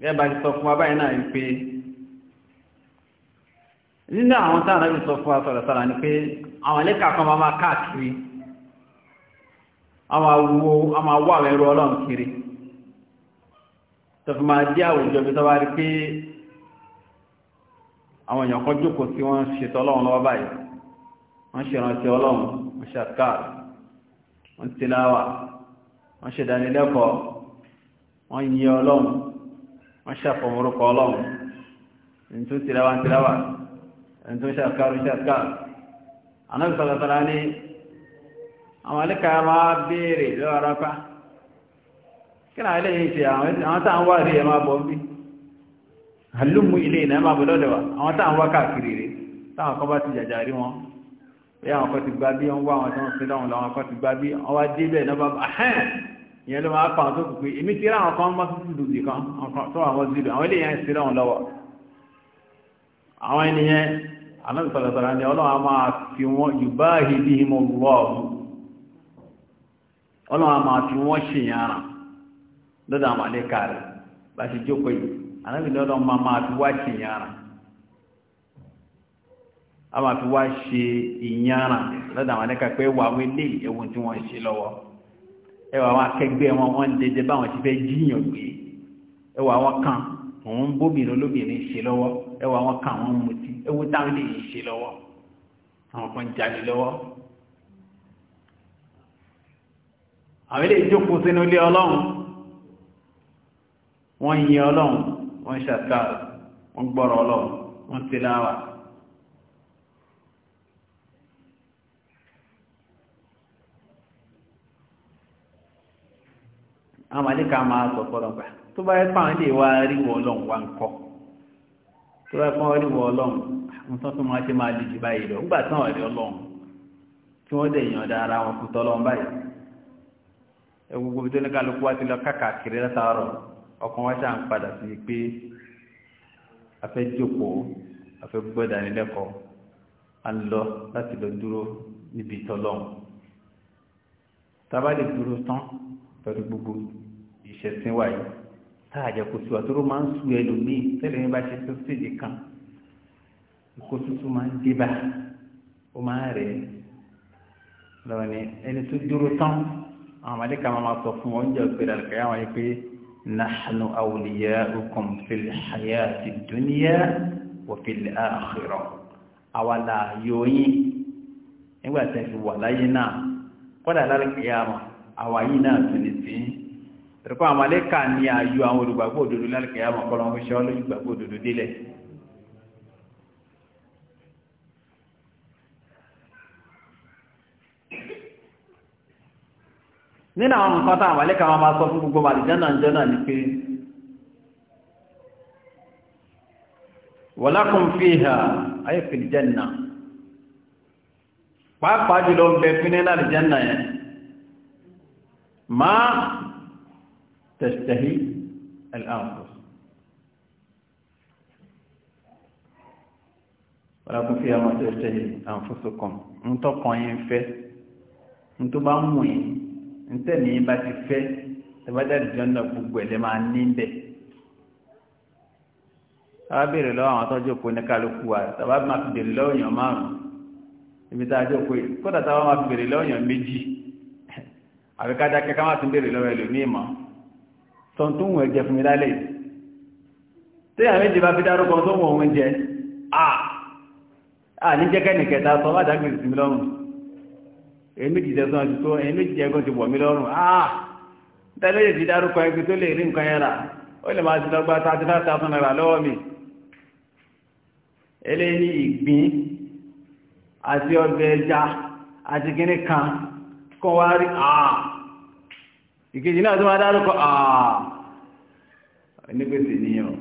gẹ́gẹ́ bá ti sọ fún wa báyìí náà wípé nínú àwọn tí ànábì sọ fún wa sọ̀rọ̀ sára ni pé àwọn màlíkà kan máa máa káàkiri àwọn awo àwọn awọ ọlọ́run kiri tó máa dí àwùjọ bí tọ́wá rí pé àwọn èèyàn kan jókòó sí wọ́n ṣètò ọlọ́run lọ́wọ́ báyìí wọ́n ṣèrántí ọlọ́run wọ́n ṣàtkáàrù wọ́n tiláwà wọ́n ṣe dánilẹ́kọ̀ọ́ wọ́n yìn ọlọ́run wọ́n ṣàfọ̀mọ́rúkọ ọlọ́run ẹni tó tìrawa ń tìrawa ẹni tó ṣàkárù ṣàkárù anábì sọ̀rọ̀sọ̀rọ̀ ní àwọn alẹ́ka máa béèrè lọ́wọ́ arápá kí náà ilé yìí ṣe àwọn tá à ń wá rí ẹ máa bọ̀ bí àlùmù ilé ìnáyà máa bọ̀ lọ́dọ̀ wa àwọn tá à ń wá káàkiri rè táwọn kan bá ti jàjà rí wọn bí àwọn kan ti gba bí wọ́n wá àwọn tó ń sin lọ́wọ́ làwọn kan ti gba bí wọ́n wá débẹ̀ náà bá ahẹ́n ìyẹn ló máa pa àwọn èmi ti rí àwọn kan kan tó àwọn àwọn ń sin àwọn ènìyàn ni a máa fi yùbá ìdí a máa fi ama máa fi wá ṣe ìyára lọ́dọ̀ àwọn ẹ̀ka pé wà wọ́n lé ẹ̀wọ̀n tí wọ́n ṣe lọ́wọ́ ẹwà àwọn akẹgbẹ́ wọn wọ́n dédé báwọn ti fẹ́ jíyàn gbé ẹwà àwọn kan òun bóbìnrin olóbìnrin ṣe lọ́wọ́ ẹwà àwọn kan àwọn mutí ẹwọ́ táwọn lè ṣe lọ́wọ́ àwọn kan jáde lọ́wọ́ àwọn ilé ìjókòó sínú ilé ọlọ́run wọ́n yin ọlọ́run wọ́n ṣàkàrà wọ́n gbọ́rọ̀ ọlọ́run wọ́n tiláwà àwọn màlíkà máa sọ fọlọ́gbà tó bá yẹ fáwọn ilé wa rí wọ ọlọ́run wa ń kọ́ tó bá yẹ fáwọn rí wọ ọlọ́run àwọn tó tún máa ṣe máa lè jù báyìí lọ nígbà táwọn rí ọlọ́run tí wọ́n dẹ̀ yàn dá ara wọn fún tọ́lọ́run báyìí ẹ gbogbo tó ní kálukú wá ti lọ káàkiri látàárọ̀ ọkàn wa ṣáà ń padà sí pé a fẹ́ jókòó a fẹ́ gbọ́ ìdánilẹ́kọ̀ọ́ a ń lọ láti lọ dúró a bá lè dúró tán pẹ̀lú gbogbo ìṣẹ̀sìn wa yìí táàjẹ́ kò sí wa tó ló máa ń su ẹlòmíì tẹ́lẹ̀ ní bá ṣe tó séde kan kó tuntun máa ń dé bá ó máa ń rẹ̀ lọ́wọ́ ni ẹni tó dúró tán àwọn àdéka máa sọ fún wọn jẹ́ òpèrè àlùkàyà wọn yìí pé nahnu awliya'ukum fil hayati dunya wa fil akhirah àwa là yóò yín nígbà tẹ́ láyé náà kọ́dà lálùkàyà wọn àwa sí tẹ̀rẹ̀kọ́ àwọn alẹ́kà ní ayú àwọn olùgbàgbọ́ òdodo lálẹ́kẹ̀ẹ́ àwọn ọ̀pọ̀lọ́ wọn ṣọ́ olùgbàgbọ́ òdodo délẹ̀ nínú àwọn nǹkan táwọn alẹ́kà wọn máa sọ fún gbogbo màlìjánà jọ́nà ni pé wọ́lákùn fíhà ayé fìlìjánà pàápàá jùlọ ń bẹ fínẹ́ lálìjánà yẹn ما تشتهي الأنفس ولكن فيها ما تشتهي أنفسكم ntọ́kọ̀ọ́yìn fẹ́ ntọ́ba mú yín ntẹ́ni bá ti fẹ́ tẹ́bájáde jọ́nà gbogbo ẹ̀lẹ́ máa ní bẹ́ẹ̀ tàbá béèrè lọ́wọ́ àwọn tó jókòó ní kálukú wa tàbá máa fi béèrè lọ́wọ́ èèyàn márùn-ún ibi tá a jókòó kódà tàbá máa fi béèrè lọ́wọ́ èèyàn méjì àbíkájá kẹka má ti ń bèèrè lọ́wọ́ ẹlò ní ìmọ̀ tọ́n tó wùn ẹjẹ fún mi lálẹ́ tí àwọn méjì bá fi dárúkọ tó wùn òun jẹ à ní jẹ́kẹ́ nìkẹta sọ bá dágbé sí mi lọ́rùn èyí méjì jẹ sọ ti tó èyí méjì jẹ gan ti wọ̀ mí lọ́rùn à tẹ́lẹ̀ yìí ti dárúkọ ẹgbẹ́ tó lè rí nǹkan yẹn rà ó lè máa ti lọ gba thirty five thousand naira lọ́wọ́ mi eléyìí ìgbín àti ọbẹ̀ ẹja àti kíní kan kọ́ wá rí àà ìkejì náà tó máa dárúkọ àà nígbèsè níyàn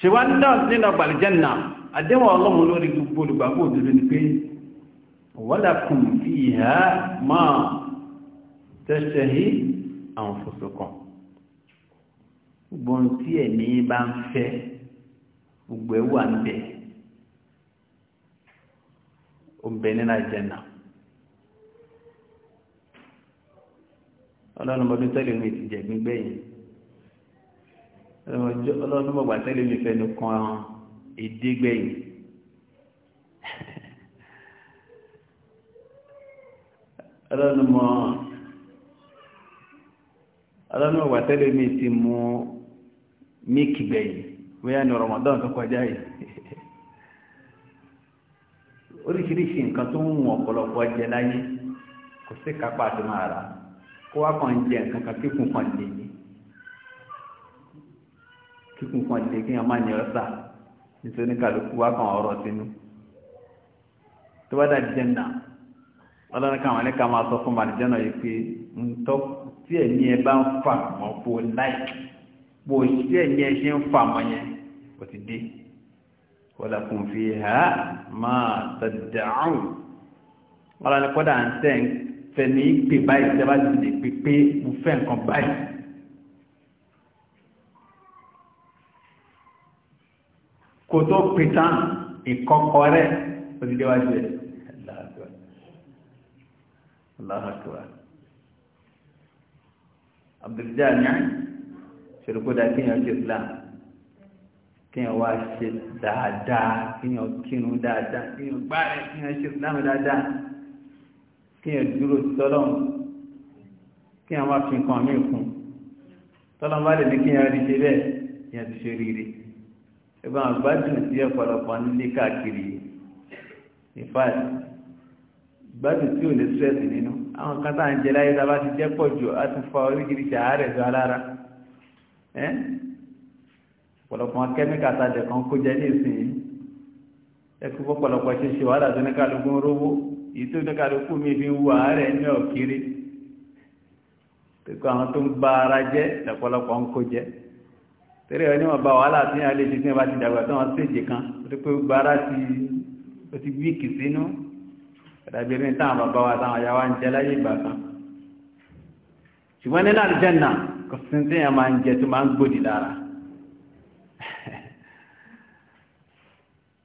ṣèwọ́n náà nínú àgbàlìjẹ́nà àdéhùn ọlọ́run lórí gbogbo olùgbàgbọ́ òdodo ni pé walakum fiha ma tashtahi anfusukum gbogbo ohun tí ẹ̀mí bá ń fẹ́ gbogbo ẹ̀ wà níbẹ̀ ó ń bẹ nínú àjẹ́nà ọlọ́run mọ́bí tẹ́lẹ̀ mi ti jẹ̀gbín gbẹ̀yìn ọlọ́run mọ́gbà tẹ́lẹ̀ mi fẹ́nu kan èdè gbẹ̀yìn ọlọ́run mọ́ ọlọ́run mọ́gbà tẹ́lẹ̀ mi ti mú míìkì gbẹ̀yìn wíyá ní Ramadan tó kọjá yìí oríṣiríṣi nǹkan tó ń mú ọ̀pọ̀lọpọ̀ jẹ láyé kò sí kápá àti máa rà kó wá kàn ń jẹ nǹkan kan kíkùn kan lè yí kíkùn kan lè kí wọn máa yàn ọ́ sà nítorí kálukú wá kàn ọ̀rọ̀ sínú tó bá dà jẹ́nà ọlọ́run káwọn ní ká máa sọ fún màdìjẹ́nà yìí pé ń tọ́ tí ẹ̀mí ẹ bá ń fà mọ́ kó láì bó ṣí ẹ̀mí ṣe ń fà mọ́ yẹn kò ti dé. ولكم فيها ما تدعون wọ́n ní kọ́dà ń tẹ́ ń fẹ́ ní pè báyìí tẹ́bá ti lè pè pé mo fẹ́ nǹkan báyìí kò tó pè tán ìkọkọ rẹ̀ òdìdé wájú ẹ̀ aláhàkùrá abdulgani ṣe rúkọ́dà kíyàn sí islam kíyàn wá ṣe dáadáa kíyàn kírun dáadáa kíyàn gbáre kíyàn ṣe dáhùn dáadáa kíyàn dúró tọ́lọ́mù kíyàn wá fi nǹkan míì kún tọ́lọ́mù bá lè ní kíyàn rí ṣe bẹ́ẹ̀ kíyàn ti ṣe rire ẹgbẹ́ àwọn gbádùn sí ọ̀pọ̀lọpọ̀ nílé káàkiri ìfàd gbádùn tí ò ní stress nínú àwọn kan tá à ń jẹ láyé tá a bá ti jẹ́ pọ̀ jù á ti fa oríṣiríṣi àárẹ̀ tó alára ẹ́ pọ̀lọpọ̀ kẹ́míkà tàjẹ̀ kan kó jẹ ní ìsìn ẹkú pọ̀lọpọ̀ ṣe ṣe wàhálà tó ní kálukú ń rówó èyí tó ní kálukú mi fi ń wo àárẹ̀ ní ọ̀kiri pẹ̀kọ́ àwọn tó ń ba ara jẹ́ lọ́pọ̀lọpọ̀ ń kó jẹ torí ẹni wọn ba wàhálà tí a lè ṣe tí wọn bá ti dàgbà tó wọn séje kan torí pé gba ara ti ó ti wíìkì sínú ẹ̀dàbírin táwọn bàbá wa táwọn ayáwá ń jẹ láyé ìgbà kan ṣùgbọ́n nínú àlùjẹ́ náà kò sí tí wọn máa ń jẹ tó máa ń gbòdì lára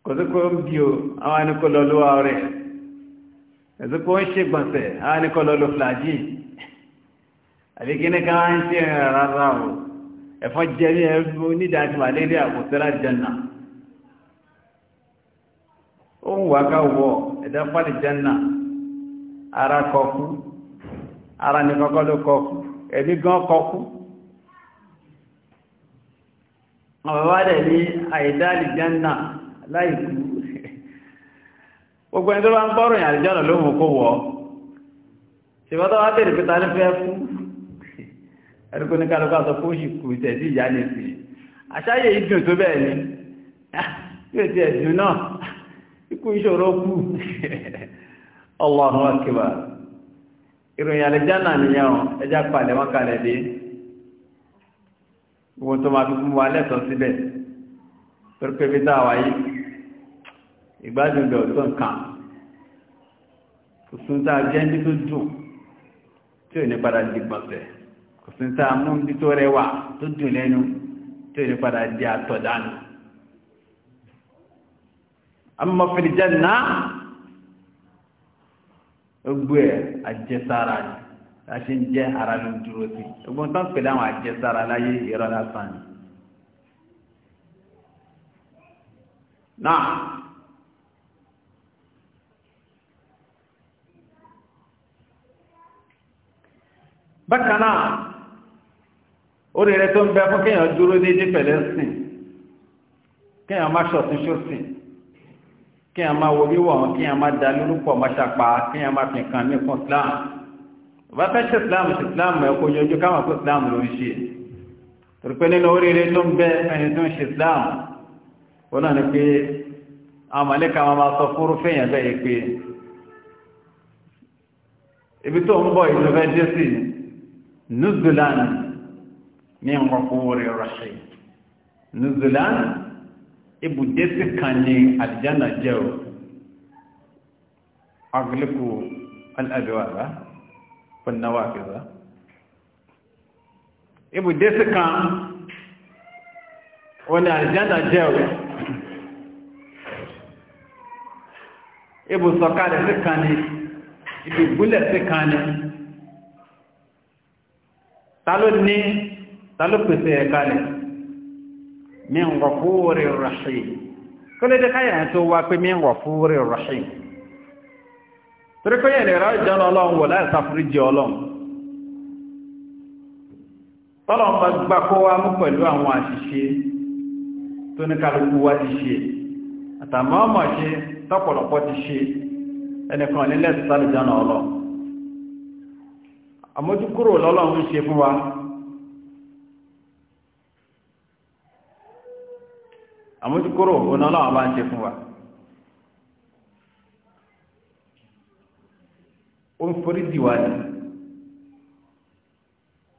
kò sí kó ń bí o àwọn anìkọlọ ló wà rẹ̀ ẹ̀sí kó ń ṣe gbọ̀nsẹ̀ àwọn anìkọlọ ló flají àbí kí ní ká wá ń ṣe rárá o ẹ̀fọ́ jẹ́ ní ẹ̀rú nídàájú malaria kò tẹ́lá jẹ́nà ó ń wá ká ara kọkú ara ní kọ́kọ́ ló kọkú gan kọkú ọ̀bàbá dẹ̀ ní àìdá àlìjẹ́nà láì kú gbogbo ẹni tó bá ń gbọ́rọ̀ yàn àlìjọ́nà ló mú kó wọ́ ṣèwọ́n tó wá tèrè pé ta ní fẹ́ kú ẹni kó ní kálukú àtọ́ kó sì kú tẹ̀sí ìyá ní sí àṣàyè ìdùn tó bẹ́ẹ̀ ni yóò ti ẹ̀dùn náà ikú ìṣòro kú Allahu akbar ìròyìn àlìjọ́nà nìyẹn ẹja palẹ̀ wọn kalẹ̀ dé gbogbo tó máa fi mú wa lẹ́tọ̀ọ́ síbẹ̀ torí bí táwa yìí ìgbádùn rẹ̀ ọ̀tọ̀ nǹkan kò sún tá a jẹ́ ní tó dùn tí ò ní padà di gbọ̀nsẹ̀ kò sún tá a mú ní tó rẹwà tó dùn lẹ́nu tí ò ní a ṣe ń jẹ́ ara ló ń dúró sí tán pẹ̀lú àwọn àjẹsára láyé ni náà bákan náà ó rẹ̀ rẹ̀ tó ń bẹ fún kéèyàn dúró déédé pẹ̀lẹ́ ń sìn kéèyàn má ṣọ̀tún ṣòsìn kéèyàn má wo wíwọ̀ wọn kéèyàn má da lórúkọ má ṣàpá kéèyàn má fi kan nípọn Islam bá fẹ́ ṣe Islam ṣe Islam ẹ̀ kó yọjú káwọn kó Islam ló ń ṣe torí nínú oríire tó ń bẹ ẹni tó ń ṣe Islam ó náà ni pé àwọn mọ̀lẹ́ka máa sọ fúrú fẹ́yàn bẹ́ẹ̀ pé ibi tó ń bọ̀ ìlú fẹ́ dé sí ni نزلان من غفور رحيم نزلان ibùdé sí kan ní àlìjánà jẹ́ o agliku al'adwara fannawa fiza ibùdé sí kan wani àlìjánà jẹ́ o ibùsọ̀kalẹ̀ sí kan ní ibùgbúlẹ̀ sí kan ní talo ló ní ta ló pèsè ẹ̀ka rẹ̀ min tó wá pé min ghafuri rahim torí pé yẹn lè ra ìjọ́nà ọlọ́run wò láì sáfúríjì ọlọ́run ti ṣe àtàmọ́ ọmọ ṣe tọ́pọ̀lọpọ̀ ti ṣe ẹnìkan àmójúkúrò lọ́lọ́run ṣe fún wa àmójúkúrò òun ọlọ́run bá ń ṣe fún wa ó ń forí dìwà ní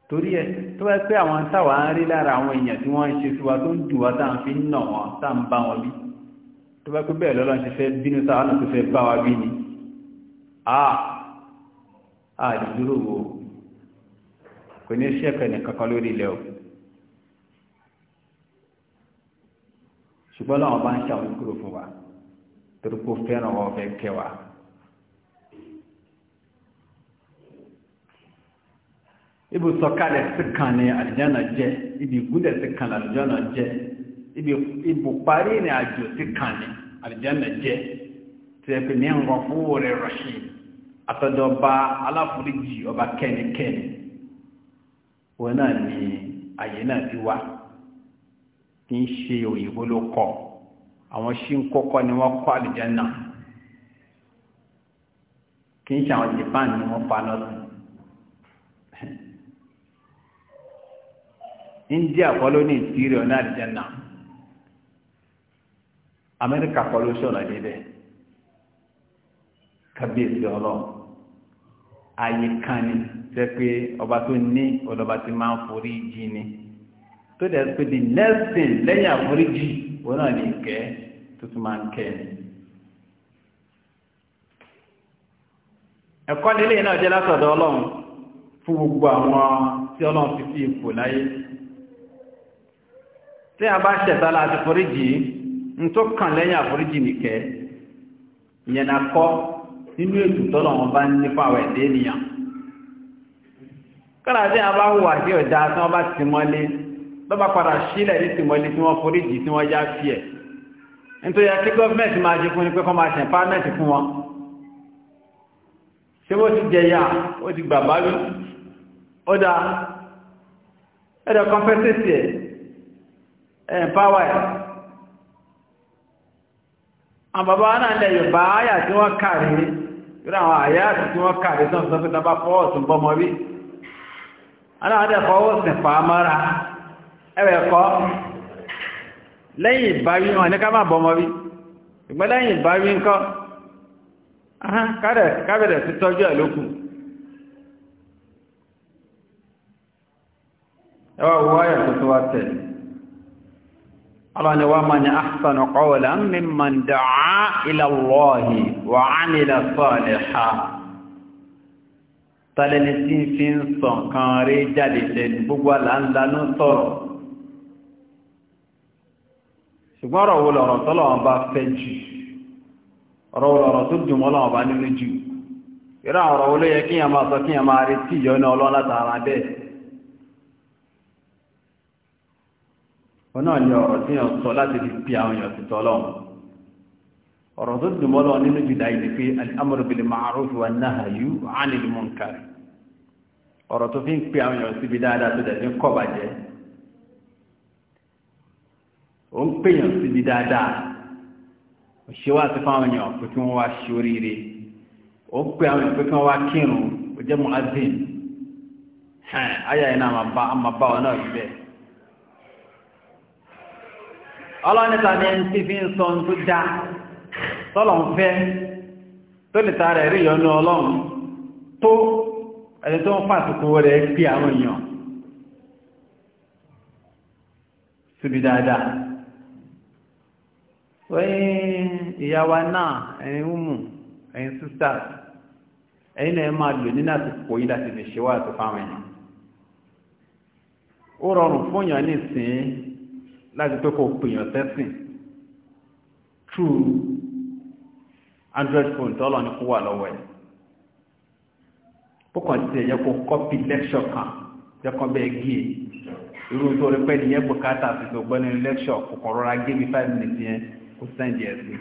torí ẹ tó bá pé àwọn táwa ń rí lára àwọn èèyàn tí wọ́n ń ṣe sí wa tó ń dùn wa tá à ń fi nà wọn tá à ń bá wọn bí tó bá pé bẹ́ẹ̀ lọ́lọ́run ṣe fẹ́ bínú táwa náà tó fẹ́ bá wa bí ni a àdúró wo kò ní ṣẹ́pẹ̀ nìkankan lórí ilẹ̀ o ṣùgbọ́n láwọn bá ń ṣàwọn kúrò fún wa torí kó fẹ́ràn wọn fẹ́ kẹ́ wa. ibi sọ̀kalẹ̀ sí kan ni àlùjáná jẹ́ ibi ìgúnlẹ̀ sí ni àlùjáná jẹ́ ibi ìbùparí ni àjò sí kan ni àlùjáná jẹ́ tẹ̀pẹ̀ ní nǹkan fún òwúrẹ̀ rọ̀ṣì àtọ́jọba aláforíjì ọba kẹ́nikẹ́ni. òun náà ni àyè náà ti wà kì í ṣe òyìnbó ló kọ àwọn ṣí ń kọkọ ni kọ kọ́ àlùjánnà kì n ṣe àwọn Japan ni wọ́n pa lọ́sùn India kọ́ ló ní ìtìrì ọ̀nà àlùjánnà Amẹ́ríkà kọ́ ló ṣọ̀nà kábíyèsí ayi kan ni ọba tó ní ọlọ́ba ti máa ń forí jì ni tó dẹ̀ pé the next thing lẹ́yìn àforíjì òun náà ní ìkẹ́ tó tún máa ń kẹ́ ni. ẹ̀kọ́ nílé náà jẹ́ látọ̀dọ̀ ọlọ́run fún gbogbo àwọn tí ọlọ́run fi ipò láyé tí a bá láti ń tó kàn lẹ́yìn àforíjì nìkẹ́ ìyẹn náà kọ́ nínú ètò tọ́lọ̀ wọn bá ń nípa àwẹ̀ dé nìyàn kọ́nà tí a bá wà sí ọ̀dá tí wọ́n bá ti mọ́lé lọ́bà padà sílẹ̀ ní ti mọ́lé tí wọ́n forí jì tí wọ́n já fi ẹ̀ nítorí a kí gọ́ọ̀mẹ́ntì máa ṣe fún ní pé kọ́ máa ṣe pàmẹ́ntì fún wọn ṣe bó ti jẹ yá ó ti gbàbá lú ó dá ẹ̀dọ̀ kọ́mpẹ́sẹ̀sì ẹ̀ ẹ̀mpáwà ẹ̀ àwọn bàbá náà lẹ Yorùbá áyà tí wọ́n kàrí tíra àwọn àti tí wọ́n kàrí rí ẹwẹ̀ kọ́ lẹ́yìn ìbáwí wọn ní ká máa bọ́mọ rí ìgbẹ́ lẹ́yìn ìbáwí ńkọ́ kábẹ̀rẹ̀ sí tọ́jú ẹ̀ lókù ẹwà wọ́ọ̀yà tó tó wá ọlọ́ni wa man ahsanu qawlan mimman da'a ila Allahi wa 'amila salihan tàlẹ́ni tí ń fi ń sàn kan rí jáde lẹ́nu gbogbo aláńlanú sọ̀rọ̀ ṣùgbọ́n ọ̀rọ̀ wo lọ̀rọ̀ tọ́lọ̀wọ́n bá fẹ́ jù ọ̀rọ̀ wo lọ̀rọ̀ tó dùn mọ́lọ́wọ́n bá nínú jù ìrọ̀ ọ̀rọ̀ wo ló yẹ kíyàn máa sọ kíyàn máa retí ìyọ́nà ọlọ́run látara bẹ́ẹ̀ ọ̀nà ni ọ̀rọ̀ tí yàn sọ láti fi pí àwọn èèyàn ti tọ́lọ́run ọ̀rọ̀ tó dùn mọ́lọ nínú jùdá ìdí pé al-amru bil ma'ruf wa nahyu 'anil munkar ọ̀rọ̀ tó fi ń pí àwọn èèyàn síbi dáadáa tó dẹ̀bí ń kọ́ bàjẹ́ ó ń pèèyàn síbi dáadáa ó ṣe wá sí fáwọn èèyàn pé kí wọ́n wá ṣe oríire ó pè àwọn èèyàn pé kí wọ́n wá kírun ó jẹ́ mu'azzin ayà yìí náà máa bá ọ náà yìí bẹ́ẹ̀ ọlọ́nìta ni ẹni tí fi ń sọ tó dá tọ́lọ̀ ń fẹ́ tó lè tààrẹ rí ìyọnú ọlọ́run tó ẹni tó ń fàtùkú rẹ̀ pí àwọn èèyàn síbi dáadáa wẹ́yìn ìyàwó náà ẹ̀yin wúmù ẹ̀yin sisters ẹ̀yin náà máa lò nínú àtìkò yìí láti fi ṣe wá àtìkò àwọn èèyàn ó rọrùn fún èèyàn nísìnyí láti pé kò pèèyàn sẹ́sìn true android phone tọ́lọ̀ ní kó wà lọ́wọ́ ẹ̀ pọ́kàn ti ẹ̀yẹ kó kọ́pì lẹ́kṣọ̀ kan jẹ́kọ́ bẹ́ẹ̀ gí e irú tó rí pẹ́ nìyẹn bùkátà sí tó gbọ́ nínú lẹ́kṣọ̀ kò kàn rọra gé mi five minutes yẹn kó sẹ́ndì ẹ̀ sí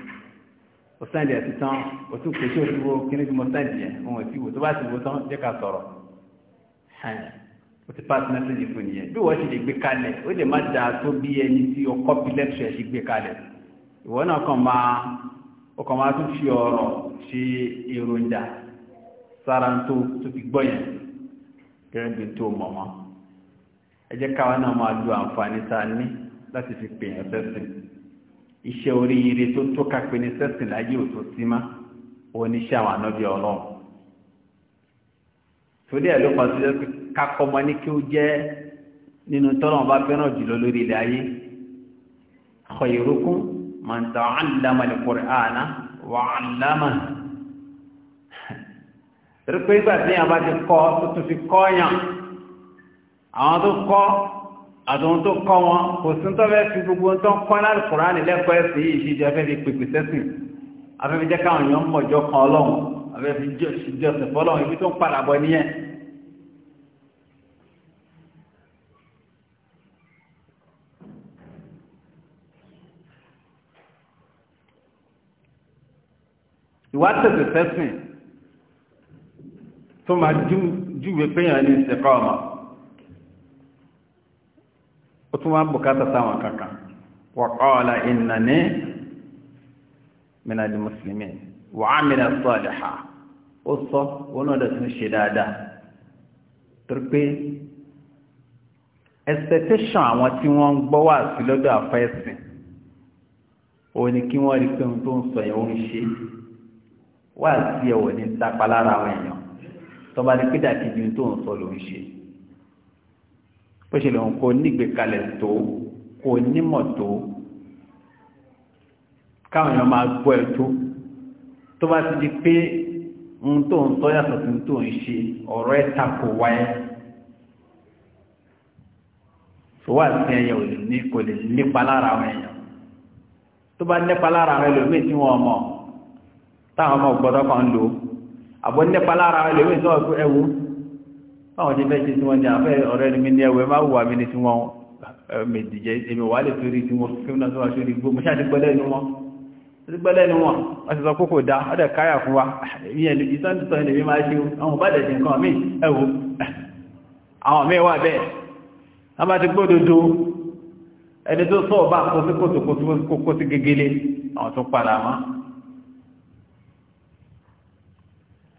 kó sẹ́ndì ẹ̀ sí tán o tún pèsè òdúró kí ni bí mo sẹ́ndì yẹn òun ò sí wò tó bá ti wò tán jẹ́ ká sọ̀rọ̀ hẹ́n ó ti pass message fún nìyẹn bí wọ́n ṣe lè gbé kalẹ̀ ó lè má da tó bí ẹni tí o copy lecture ẹ̀ ṣe gbé kalẹ̀ ìwọ náà kàn máa ó kàn máa tún fi ọ̀rọ̀ ṣe èròjà sára tó tó fi gbọ́ yẹn gẹ́gẹ́ bí tó mọ̀ wọ́n ẹ jẹ́ káwa náà máa lo àǹfààní tá a ní láti fi pè yẹn sẹ́sìn iṣẹ́ oríire tó tó kápé ní sẹ́sìn láyé òtó sí má oníṣẹ́ àwọn ànábì ọlọ́run torí ẹ̀ ló pa sí kakọmọ ní kí ó jẹ́ nínú tọ́lọ̀ bá fẹ́ràn jùlọ lórí ilẹ̀ ayé khayrukum man ta'allama al-Qur'ana wa 'allamahu torí pé ìgbà tí yàn bá ti kọ́ tó tún fi kọ́ yàn àwọn tó kọ́ àtòun tó kọ́ wọn kò sí tó fẹ́ fi gbogbo tó ń kọ́ láti Kùránì lẹ́kọ̀ọ́ ẹ̀sìn yìí ṣíjọ afẹ́ fi pèpè sẹ́sìn afẹ́ fi káwọn èèyàn mọ̀jọ́ kan ọlọ́run afẹ́ fi jọ́sìn ibi tó ń padà ìwà tẹ̀sẹ̀ tẹ́sìn tó máa júwe péyàn ní ìsẹ̀kọ́ ọmọ ó tún wá bùkátà sáwọn kankan wàkọ́ọ̀lá ìnàní mìnàdì mùsùlùmí wàá mìnà sọ́ọ̀lẹ̀ha ó sọ wọn náà tún ṣe dáadáa torí expectation àwọn tí wọ́n gbọ́ wà sí lọ́dọ̀ àfẹ́sìn òun kí wọ́n rí pé ohun tó ń sọ yẹn ṣe é wá sí ẹ̀wọ̀ ní sápa lára àwọn èèyàn tọba ní pédà tí ibi tó ń sọ ló ń ṣe bó ṣe lòun kò nígbèkalẹ̀ tó kò nímọ̀ tó káwọn èèyàn máa gbọ́ ẹ tó tó bá ti di pé ohun tó ń sọ yàtọ̀ sí tó ń ṣe ọ̀rọ̀ ẹ̀ ta kò wáyé wá sí ẹyẹ ò ní kò lè nípa lára àwọn èèyàn tó bá nípa lára àwọn ẹlòmíì tí wọ́n mọ̀ táwọn ọmọ gbọ́dọ̀ kan lò àbọ̀ nípa lára ẹlẹ́wẹ̀ tó ẹwú báwọn ti fẹ́ ṣe tí wọ́n ní àfẹ́ ọ̀rẹ́ mi ní ẹwẹ́ máa wùwà mi ní tí wọ́n mẹ̀dìjẹ́ èmi wà lè torí tí wọ́n fi náà tó wà sórí igbó mo ṣáàtì gbẹ́lẹ́ nu wọn ti gbẹ́lẹ́ nu wọn wọ́n ti sọ kókò dá ọ̀dẹ̀ káyà fún wa ìyẹn ìtàn ti sọ ilẹ̀ mi máa ṣe àwọn bá dẹ̀ ṣe nǹkan mí ẹwù àwọn mí wà bẹ́ẹ̀ wọ́n bá ti gbódodo ẹni tó sọ̀ọ́ bá kó sí kòtòkòtò kó sí gegele àwọn tó padà mọ́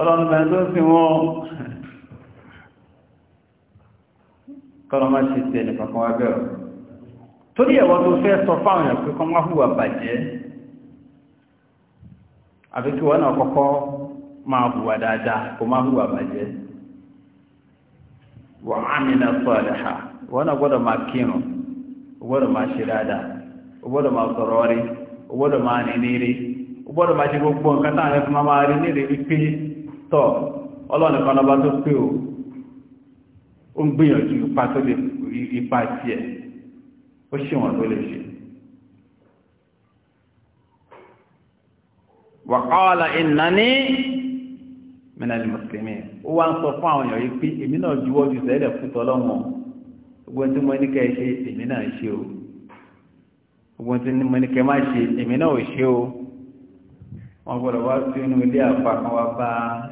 ọlọ́run bẹ̀rẹ̀ tó sì wọ́n kọlọmọ ṣe tẹ nìkan kan wá bẹ̀rẹ̀ torí ẹ̀wọ́ tó fẹ́ sọ fáwọn èèyàn pé kọ́ máa hùwà bàjẹ́ àbí kí wọ́n náà kọ́kọ́ máa hùwà dáadáa kò máa hùwà bàjẹ́ wọ́n á sọ àlẹ́ ha wọ́n náà gbọ́dọ̀ máa kírun o gbọ́dọ̀ máa ṣe dáadáa o gbọ́dọ̀ máa sọ̀rọ̀ rí o gbọ́dọ̀ máa o gbọ́dọ̀ máa ṣe gbogbo nǹkan táwọn ẹ̀fọn máa rí ní rí wípé tọ́ ọlọ́run kan lọ́ba tó pé o ó ń gbìyànjú ipa tó lè ipa tiẹ̀ ó ṣe wọn tó lè ṣe. wa qala innani minal muslimin ó wá ń sọ fún àwọn èèyàn yìí pé èmi náà juwọ́ sẹ́lẹ̀ fún tọ́lọ́mọ gbogbo tí mo ní kẹ́ ṣe èmi náà ṣe o gbogbo tí mo ní kẹ́ má ṣe èmi náà ṣe o wọ́n gbọ́dọ̀ wá sí inú ilé àpá wá bá a.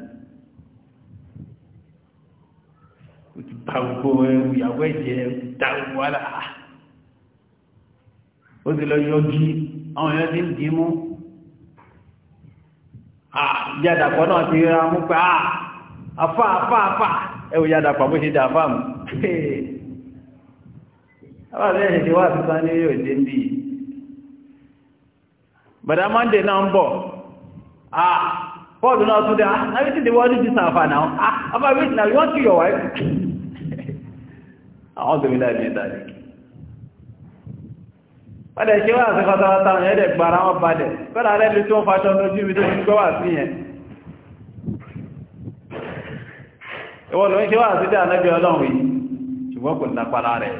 ó ti bá gbogbo ẹrù ìyàwó ẹ̀jẹ̀ dá wàhálà ó ti lọ yọjú àwọn èèyàn ti ń dì mú yàdàpọ̀ náà ti ra mú pé àfà àfà àfà ẹwù yàdàpọ̀ bó ṣe dà fà mú àwọn ẹ̀ṣẹ̀ ti wà síta ní yóò dé bí bàdá mọ́ndé náà ń bọ̀ pọ́ọ̀lù náà tún dá náà wí sí the world is this àfà now? Ah, wí sí now you want to your wife àwọn tèmi láì ní ìdàdì padà ṣe wá sí fatawata yẹn dẹ̀ gbára wọn padẹ̀ fẹ́ra rẹ̀ lè tí wọ́n fàṣọ lójú mi tó ń gbọ́wà sí yẹn ìwọ̀n ló ń ṣe wá sí dẹ̀ anábí ọlọ́run yìí ṣùgbọ́n kò lápára rẹ̀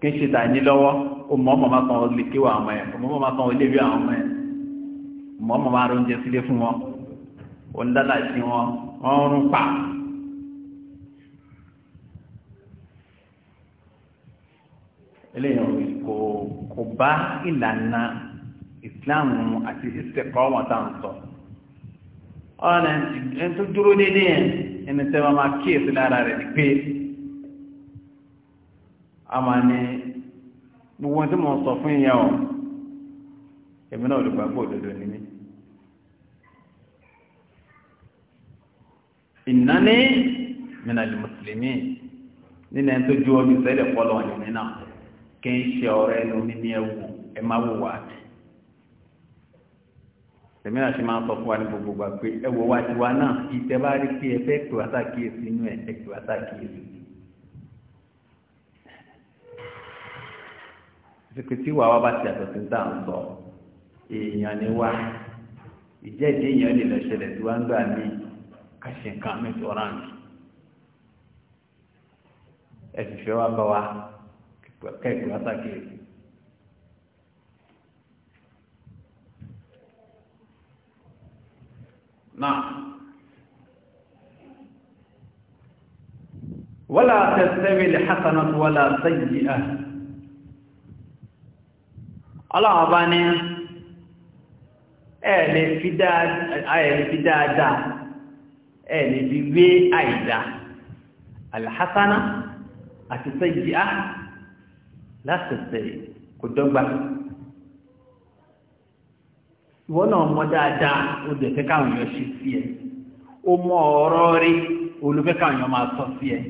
kí ṣe tà ní lọ́wọ́ ó mọ́ mọ́ máa kan lè kíwà ọmọ ẹ̀ mọ́ mọ́ máa kan lè rí àwọn ọmọ ẹ̀ mọ́ mọ́ wọ́n dára sí wọn wọ́n rún pa. eléyìí kò kò bá ìlànà ìsìláàmù àti ìsìkọ́ wọn tá à ń sọ. ọ̀nà ẹni tó dúró déédéé yẹn ẹni tẹ́ wọn máa kíyèsí lára rẹ̀ ni pé a máa ní gbogbo ohun tí mo sọ fún ìyá ọ èmi náà olùgbàgbọ́ òdodo ni mí. ìnáni mìnàlì mùsùlùmí nínú ẹni tó ju omi sẹ́lẹ̀ pọ́lọ́ ní nínà kí n ṣe ọ̀rẹ́ ẹni omi ní ẹwù ẹ má wò wá mi. tèmi náà ṣe máa ń sọ fún wa ní gbogbo gbà pé ẹwọ wa ti wa náà ìtẹ́ bá rí pé ẹ fẹ́ pè wá sàkíyèsí inú ẹ ẹ pè wá sàkíyèsí. ìsìnkú tí wá bá ti àtọ̀ sí ń ń sọ èèyàn ni wá ìjẹ́ ìdí èèyàn lè lọ ṣẹlẹ̀ tí wàá ń gbà míì. kàṣẹ̀ǹkà mẹ́tò ọ̀ráǹdì ẹ̀sìn fẹ́ wá bá wa kẹ́ẹ̀kì látàkìrì náà wọ́lá tẹ̀sẹ̀wé lè hásánà tó wọ́lá sẹ́yìí ẹ̀ ọlọ́wọ́ bá ní ẹ̀ẹ̀lẹ̀ fi dáadáa ẹ̀ lè fi wé àìdá alhassana àti sẹ́yìá lásìsẹ́ kò dọ́gba ìwọ náà mọ dáadáa ó dẹ̀ fẹ́ káwọn èèyàn ṣe sí ẹ ó mọ ọ̀rọ̀ rí olùfẹ́ káwọn èèyàn máa sọ sí ẹ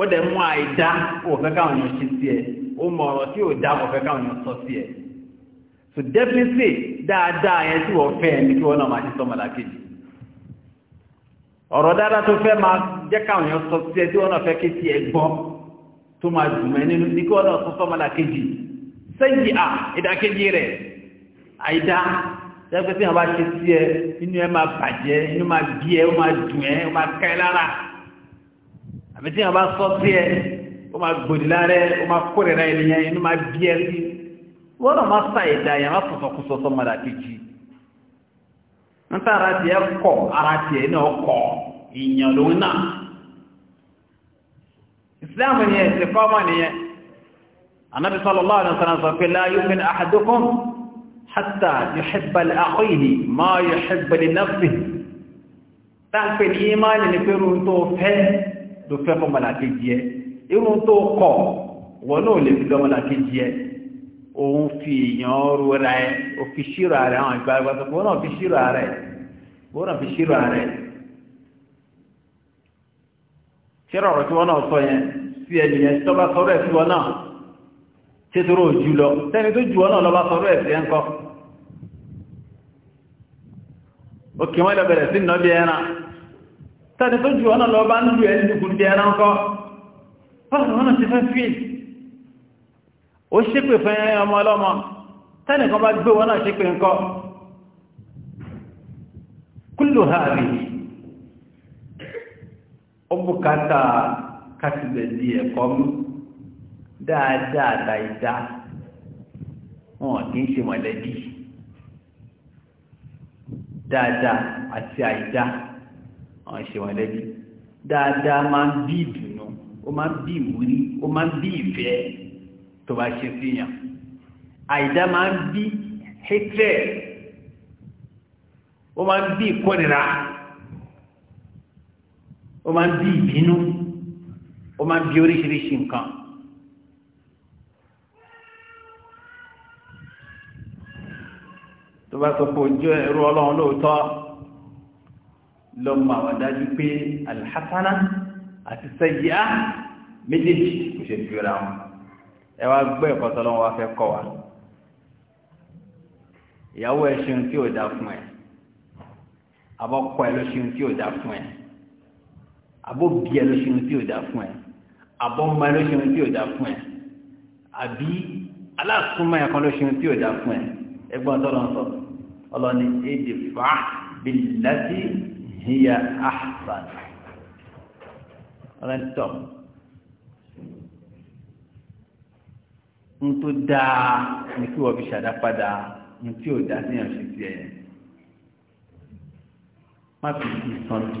ó dẹ̀ mọ àìdá ó fẹ́ káwọn èèyàn ṣe sí ẹ ó mọ ọ̀rọ̀ tí ò dá ó fẹ́ káwọn èèyàn sọ sí ẹ so definitely dáadáa yẹn tí wọ́n fẹ́ ẹni kí wọ́n náà máa kejì ọ̀rọ̀ dáadáa tó fẹ́ máa jẹ́ káwọn èèyàn sọ sí ẹ tí wọ́n náà fẹ́ ké sí ẹ gbọ́ tó máa dùn ẹ nínú ní kí wọ́n náà sọ fọ́mọlá kejì sẹ́yìn à ìdákejì rẹ̀ àìdá tẹ́gbẹ́ tí wọ́n bá ṣe sí ẹ inú ẹ máa bàjẹ́ inú máa bí ẹ ó máa dùn ń tà ara tiẹ̀ kọ̀ ara tiẹ̀ náà kọ̀ ìyàn ló ń nà islam ni ẹ̀sìn kọ́mọ nìyẹn anabi sallallahu alaihi wasallam sọ pé la yu'min ahadukum hatta yuhibba li akhihi ma yuhibbu li nafsihi táǹpẹ̀ ní ìmáàlì ní pé irun tó fẹ́ ló fẹ́ fọmọlàkejì ẹ irun tó kọ̀ wọ́n náà lè fi lọ́mọlàkejì ẹ òun fi èèyàn ru ra ẹ o fi ṣírò ara àwọn ìgbà ìgbà tó kọ wọn náà fi ṣírò ara ẹ wọn náà fi ṣírò ara ẹ ṣírò ọ̀rọ̀ tí wọn náà sọ yẹn sí ẹni yẹn tó bá sọ̀rọ̀ ẹ sí wọn náà ṣètòrò òjú lọ sẹni tó jù wọn náà lọ bá sọ̀rọ̀ ẹ sí ẹ ńkọ́ òkè wọn lọ bẹ̀rẹ̀ sí nà bí ẹran sẹni tó jù wọn náà lọ bá ẹni dùkú bí ẹran ńkọ́ báwo wọn náà ti fẹ́ fíìlì ó ṣépè fún ọmọ ọlọ́mọ tẹ́nìkan bá gbé wọn náà ṣépè ńkọ́ kúlò hàrí ó bùkátà kásìlẹ̀ di ẹ̀kọ́ mú dáadáa dáadáa wọn kì í ṣe mọ̀lẹ́bí dáadáa àti àìdá wọn ṣe mọ̀lẹ́bí dáadáa máa ń bí ìdùnnú ó máa ń bí ìwúrí ó máa ń bí ìfẹ́ tó bá ṣe sí yàn àìdá máa ń bí hatred ó máa ń bí ìkórìíra ó máa ń bí ìbínú ó máa ń bí oríṣiríṣi nǹkan. tó bá sọ pé ojú ẹrú ọlọ́run lóòótọ́ ló àwọn dájú pé alhassana àti sayyi'a méjèèjì kò ṣe fi ra wọn ẹ wá gbọ́ ẹ̀kọ́ tọ́lọ́wọ́ wá fẹ́ kọ́ wa ìyàwó ẹ ṣeun tí ò dáa fún ẹ abọ́kọ ẹ ló ṣeun tí ò dáa fún ẹ abóbi ẹ ló ṣeun tí ò dáa fún ẹ abọ́mọ ẹ ló ṣeun tí ò dáa fún ẹ àbí aláàtúmọ̀ ẹ̀kan ló ṣeun tí ò dáa fún ẹ ẹgbọ́n tọ́lọ́ ń sọ ọlọ́ni èdè fà bìlátì hìyà àhàbà ọlọ́ni tọ́. ń tó dáa ní kí wọ́n fi ṣàdá padà ní tí ò dá sí ìyànṣe sí ẹ̀yẹn má fi di sàn jù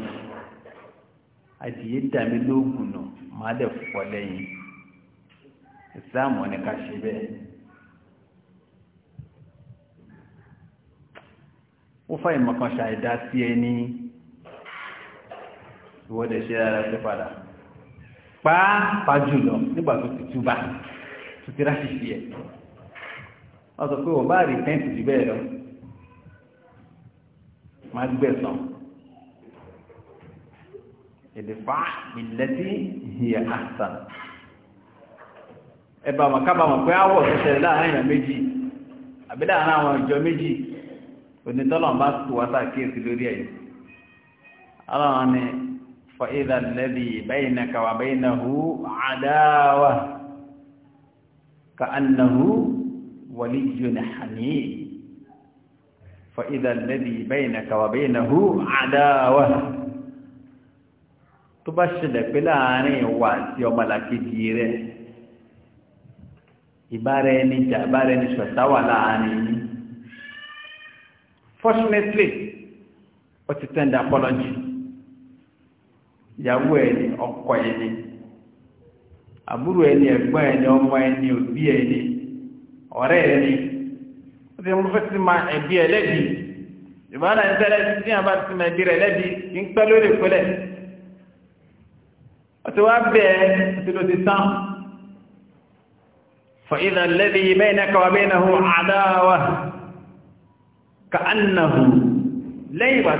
adìyẹ dàmí lóògùn náà má dẹ̀ fọ́ lẹ́yìn ìsáàmù ni ká ṣe bẹ́ẹ̀. ó fà ìmọ̀kan ṣàìdá sí ẹni ìwọ́dẹ̀ ṣe rárá sí padà pàápàá jùlọ nígbà tó ti túbà sutura ṣiṣi ẹ̀ wọ́n sọ pé wọ́n bá rí tẹ́ǹtì jù bẹ́ẹ̀ lọ máa gbẹ̀ sàn ìdìfà ìlẹ́tì ìyẹ̀ àṣà ẹ bá wọn kábàá wọn pé àwọ̀ ṣẹṣẹ láàrin ìyà méjì àbí láàrin àwọn ìjọ méjì onítọ́lọ̀ bá tó wá sàkíyèsí lórí ẹ̀yìn aláwọn ni fa ìdàlẹ́bì bẹ́yìn náà kàwà bẹ́yìn náà hù àdáwà كأنه ولي حميد فإذا الذي بينك وبينه عداوة tó bá ṣẹlẹ̀ pé láàrin ìwà àti ọmọlàkejì rẹ̀ ìbára ẹni jà ìbára ẹni ṣọ̀tá wà láàrin yìí fortunately ó apology ìyàwó ẹni ọkọ àbúrò ẹni ẹ̀gbọ́n ẹni ọmọ ẹni òbí ẹni ọ̀rẹ́ ẹni ó ti mú fẹsí ma ẹbí ẹ ìbára ẹni tẹ́lẹ̀ ti a ti ma ẹbí rẹ lẹbi kí n pẹ lórí ìpínlẹ̀ ó ti bẹ ẹ ti ló ti tán fa ìlà lẹbi bẹ́ẹ̀ni kàwá bẹ́ẹ̀ náà hù ka ìgbà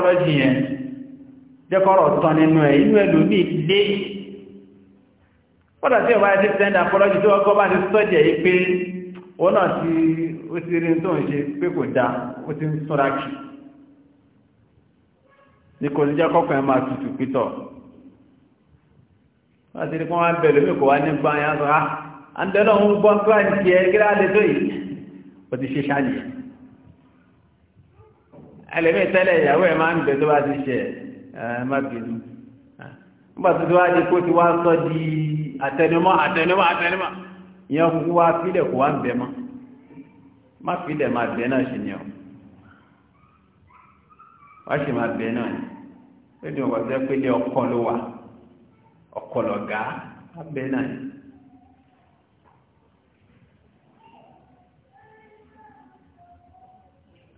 tó ti yẹn nínú inú kódà tí ìwà ẹni sẹ́ndà apọ́lọ́jì tó ọkọ̀ bá ti sọ́jẹ̀ yìí pé wọ́n náà ti ó ti rí tó ń ṣe pé kò dá ó ti ń súnra kì ní kò ní jẹ́ kọ́kọ́ ẹ̀ máa tutù pítọ̀ wọ́n ti rí kí wọ́n á bẹ̀rẹ̀ lómi kò wá ní gbọ́n yá sọ ah, à ń dẹ́nà òun gbọ́n tó àyè tiẹ̀ kí láà tó yìí ó ti ṣe ṣáàlì ẹlẹ́mì tẹ́lẹ̀ ìyàwó ẹ̀ máa ń bẹ̀ tó bá ti ṣe ẹ̀ má bínú nígbà tó wá di kó ti wá sọ́ di àtẹnumọ́ àtẹnumọ́ àtẹnumọ́ ìyẹn kúkú wá fílẹ̀ kó wá ń bẹ mọ́ má fílẹ̀ náà ṣe ni ọ wá ṣe má bẹ náà ni ó ọ̀gá tó pé ilé ọkọ ló wà ọkọ lọ̀gá má ma náà ni.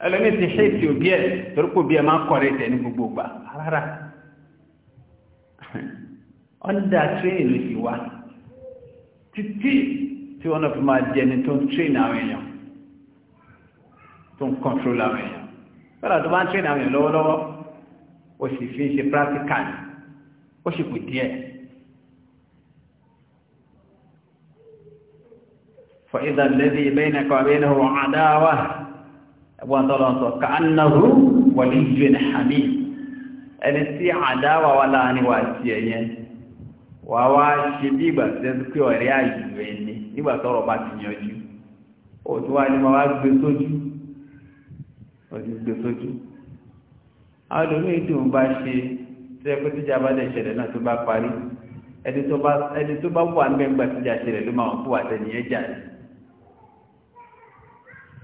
ẹlẹ́ni ti ṣe ti ọ́ndà tírénì ló sì wá títí tí wọ́n náà fi máa jẹni tó ń tírénì àwọn èèyàn tó ń kọ́ńtrólù àwọn èèyàn lọ́dà tó bá ń tírénì àwọn èèyàn lọ́wọ́lọ́wọ́ ó sì fi ṣe practical ó sì kù díẹ̀ فإذا الذي بينك وبينه عداوة وضلط كأنه ولي حميد ẹni tí àdáwà wà láàrin wà tí ẹ̀yẹn wàá wá ṣe bí ìgbà tó ṣe pé ọ̀rẹ́ àyù rẹ̀ ni nígbà tọ́rọ̀ bá ti yanjú ó tún wá ní ma wá gbé sójú ó ti gbé sójú àwọn olóyìn tó ń bá ṣe tí ẹ pé tíjà bá dẹ̀ ṣẹlẹ̀ náà tó bá parí ẹni tó bá ẹni wà níbẹ̀ ńgbà tíjà ṣẹlẹ̀ ló máa ń fún àtẹnìyẹn jà ní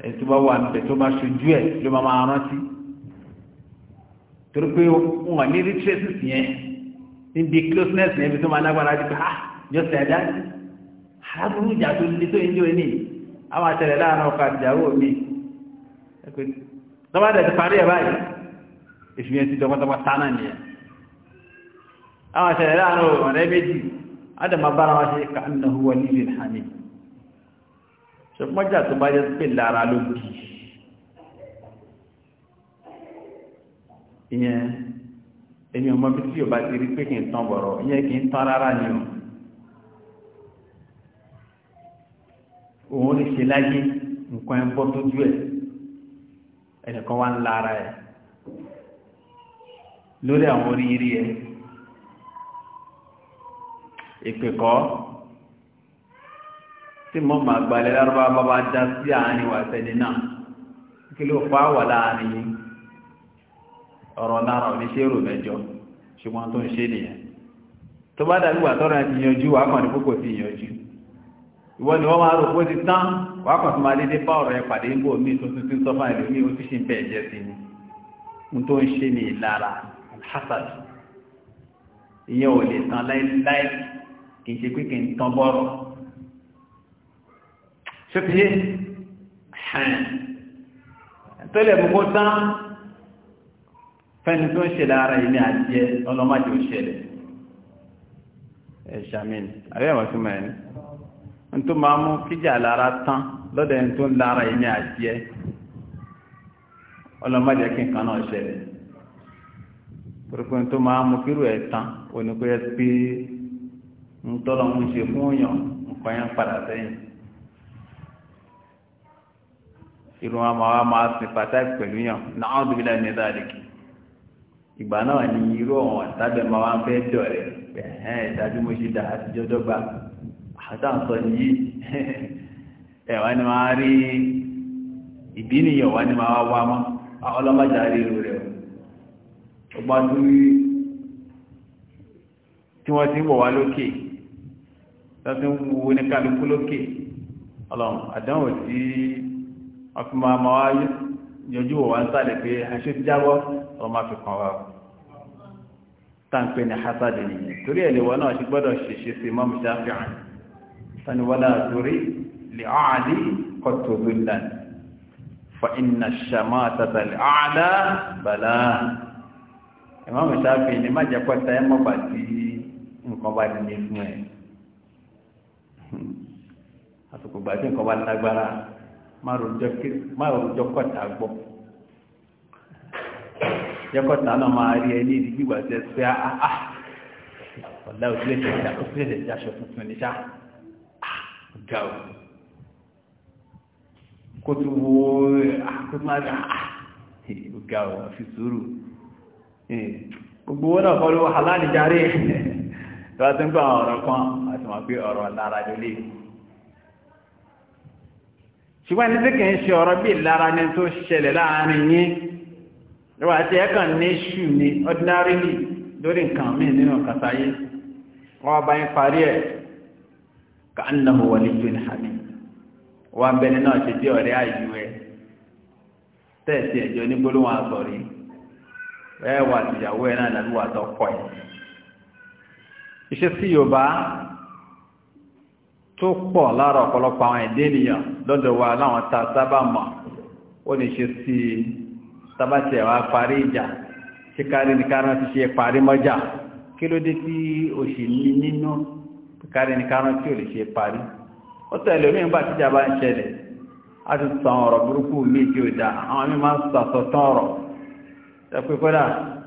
ẹni tó bá wà níbẹ̀ tó máa ṣojú ẹ̀ ló máa rántí torí pé wọn ní rí tírẹ́sì yẹn níbi closeness ní ẹbí tó máa lágbára jù pé ah jọ sẹ̀dá arábùrú ìjà tó di tó yíyó ní àwọn àtẹ̀rẹ̀ láàrin ọkọ̀ àdìyàwó mi tọ́ba dẹ̀ ti parí ẹ̀ báyìí èsì yẹn ti dọ́gbọ́dọ́gbọ́ tánà nìyẹn àwọn àtẹ̀rẹ̀ láàrin ọ̀rẹ́ méjì adama bára wa ṣe ká nà huwa nílé hàmì ṣùgbọ́n tó bá yẹ pé lára ló bì ìyẹn èmi ò mọ bí tí o bá ti rí pé kì í tán bọ̀rọ̀ ìyẹn kì í tán rárá ni o òun lè ṣe láyé nǹkan ẹ̀ ń bọ́ tójú ẹ̀ ẹnìkan wá ń la ara ẹ̀ lórí àwọn oríire ẹ̀ ìpè kọ́ tí mo máa gbalẹ̀ lárúbáwá bá dá sí àárín wa tẹ̀lé náà kí ló fà wà láàrin yìí ọ̀rọ̀ lára oníṣẹ́ èrò mẹ́jọ ṣùgbọ́n tó ń ṣe nìyẹn tó bá dàbí wà tọ́ra ti yanjú wà kàn ní púpọ̀ sí yanjú ìwọ ni wọ́n máa rò pé ti tán wà kàn tó máa dédé bá ọ̀rọ̀ ẹ pàdé ń bò mí tó tún ń sọ́fà ìlú mi ó ti ṣe ń bẹ̀ jẹ́ sí ni ń tó ń ṣe ní ìlara hasad ìyẹn ò lè tán láéláé kì í ṣe pé kì í tán bọ́rọ̀ ṣé fi tó lè mú kó tán fẹni tó ń ṣe lára ilé àjẹ́ ọlọ́mọdé ò ṣẹlẹ̀ tó máa mú kíjà lára tán lọ́dẹ̀ tó ń lára kíkan náà tó máa mú kírù ẹ̀ tán oníkóyẹ́ pé ń tọ́lọ́ ń ṣe fún òyàn nǹkan yẹn padà sẹ́yìn irun àwọn máa sì pàtàkì pẹ̀lú yàn náà ọdún bí láì ní ìgbà náà ni irú ọ̀wọ̀n tábẹ̀ máa wá ń fẹ́ dọ̀rẹ́ ẹ̀hẹ́n ìdájú mo ṣe dà àtijọ́ dọ́gba àtàǹsọ yìí (laughs) ẹ̀wà ni máa rí ìbí nìyàn wá ní máa wá wá mọ́ ọlọ́mọjà rí irú rẹ̀ ó bá tún rí tí wọ́n ti ń wọ̀ wá lókè tọ́tún wo ní kálukú lókè ọlọ́run àdánwò tí wọ́n máa máa yọjú wọ̀ wá ń sálẹ̀ pé àṣẹ ti jábọ́ ọmọ àfikàn wa tàǹpé ní hasad nìyẹn torí ẹ̀ lèwọ́ náà ṣe gbọ́dọ̀ ṣèṣe sí mọ́mù ṣáfihàn tani wọ́lá torí lè ọ́àdí kọ́tò lólan fa iná ṣàmá tata lè ọ́àdá bàlá ìmọ̀mù ṣáfihàn ni má jẹ́ pẹ́ta ẹ mọ́ bàtí nǹkan bá ní fún ẹ̀ àtùkùgbà tí nǹkan bá lágbára má rojọ́ kọ́ta gbọ́ jẹ́kọ̀tà náà máa rí ẹ ní ìdígbìgbà tẹ́ pé àá ọ̀dá òsílẹ̀ ìjáṣọ tuntun ní sá ah, ga o kó tó wo ah, kó tó máa rí àá ah, ga o fi sùúrù eh, gbogbo wọn náà kọ́ ló wà láti járe tó a ti ń gbọ́ àwọn ọ̀rọ̀ kan àti wọn pé ọ̀rọ̀ lára lólè ṣùgbọ́n ní tí kìí ṣe ọ̀rọ̀ bí lára ní tó ṣẹlẹ̀ láàrin yín ìwà àti ẹ̀kàn ní ṣù ní ordinarily lórí nǹkan mí nínú kàtàyé wọ́n bá ń parí ẹ̀ ká ń nà wọ́n ní jù ní hàmì wọ́n bẹni náà ṣe bí ọ̀rẹ́ àìjú ẹ̀ tẹ́ẹ̀sì ẹ̀jọ́ ní gbólóhùn àsọ̀rí bẹ́ẹ̀ wà tìyàwó ẹ̀ náà lálùwà tó kọ̀ ẹ̀ iṣẹ́ sí Yorùbá tó pọ̀ lára ọ̀pọ̀lọpọ̀ àwọn ẹ̀dẹ́ ènìyàn lọ́dọ̀ wa láwọn ta sábà mọ̀ ó ní ṣe sí i tabati ẹ̀wà parí ìjà ṣe kárí ní ti ṣe parí mọ́jà kí ló dé tí o ṣì ní nínú kárí ní tí o lè ṣe parí ó tẹ̀lẹ̀ omi tíjà bá ń a ti sàn ọ̀rọ̀ burúkú mi tí ó dá àwọn máa ń sàtọ̀ tán ọ̀rọ̀ ẹ pé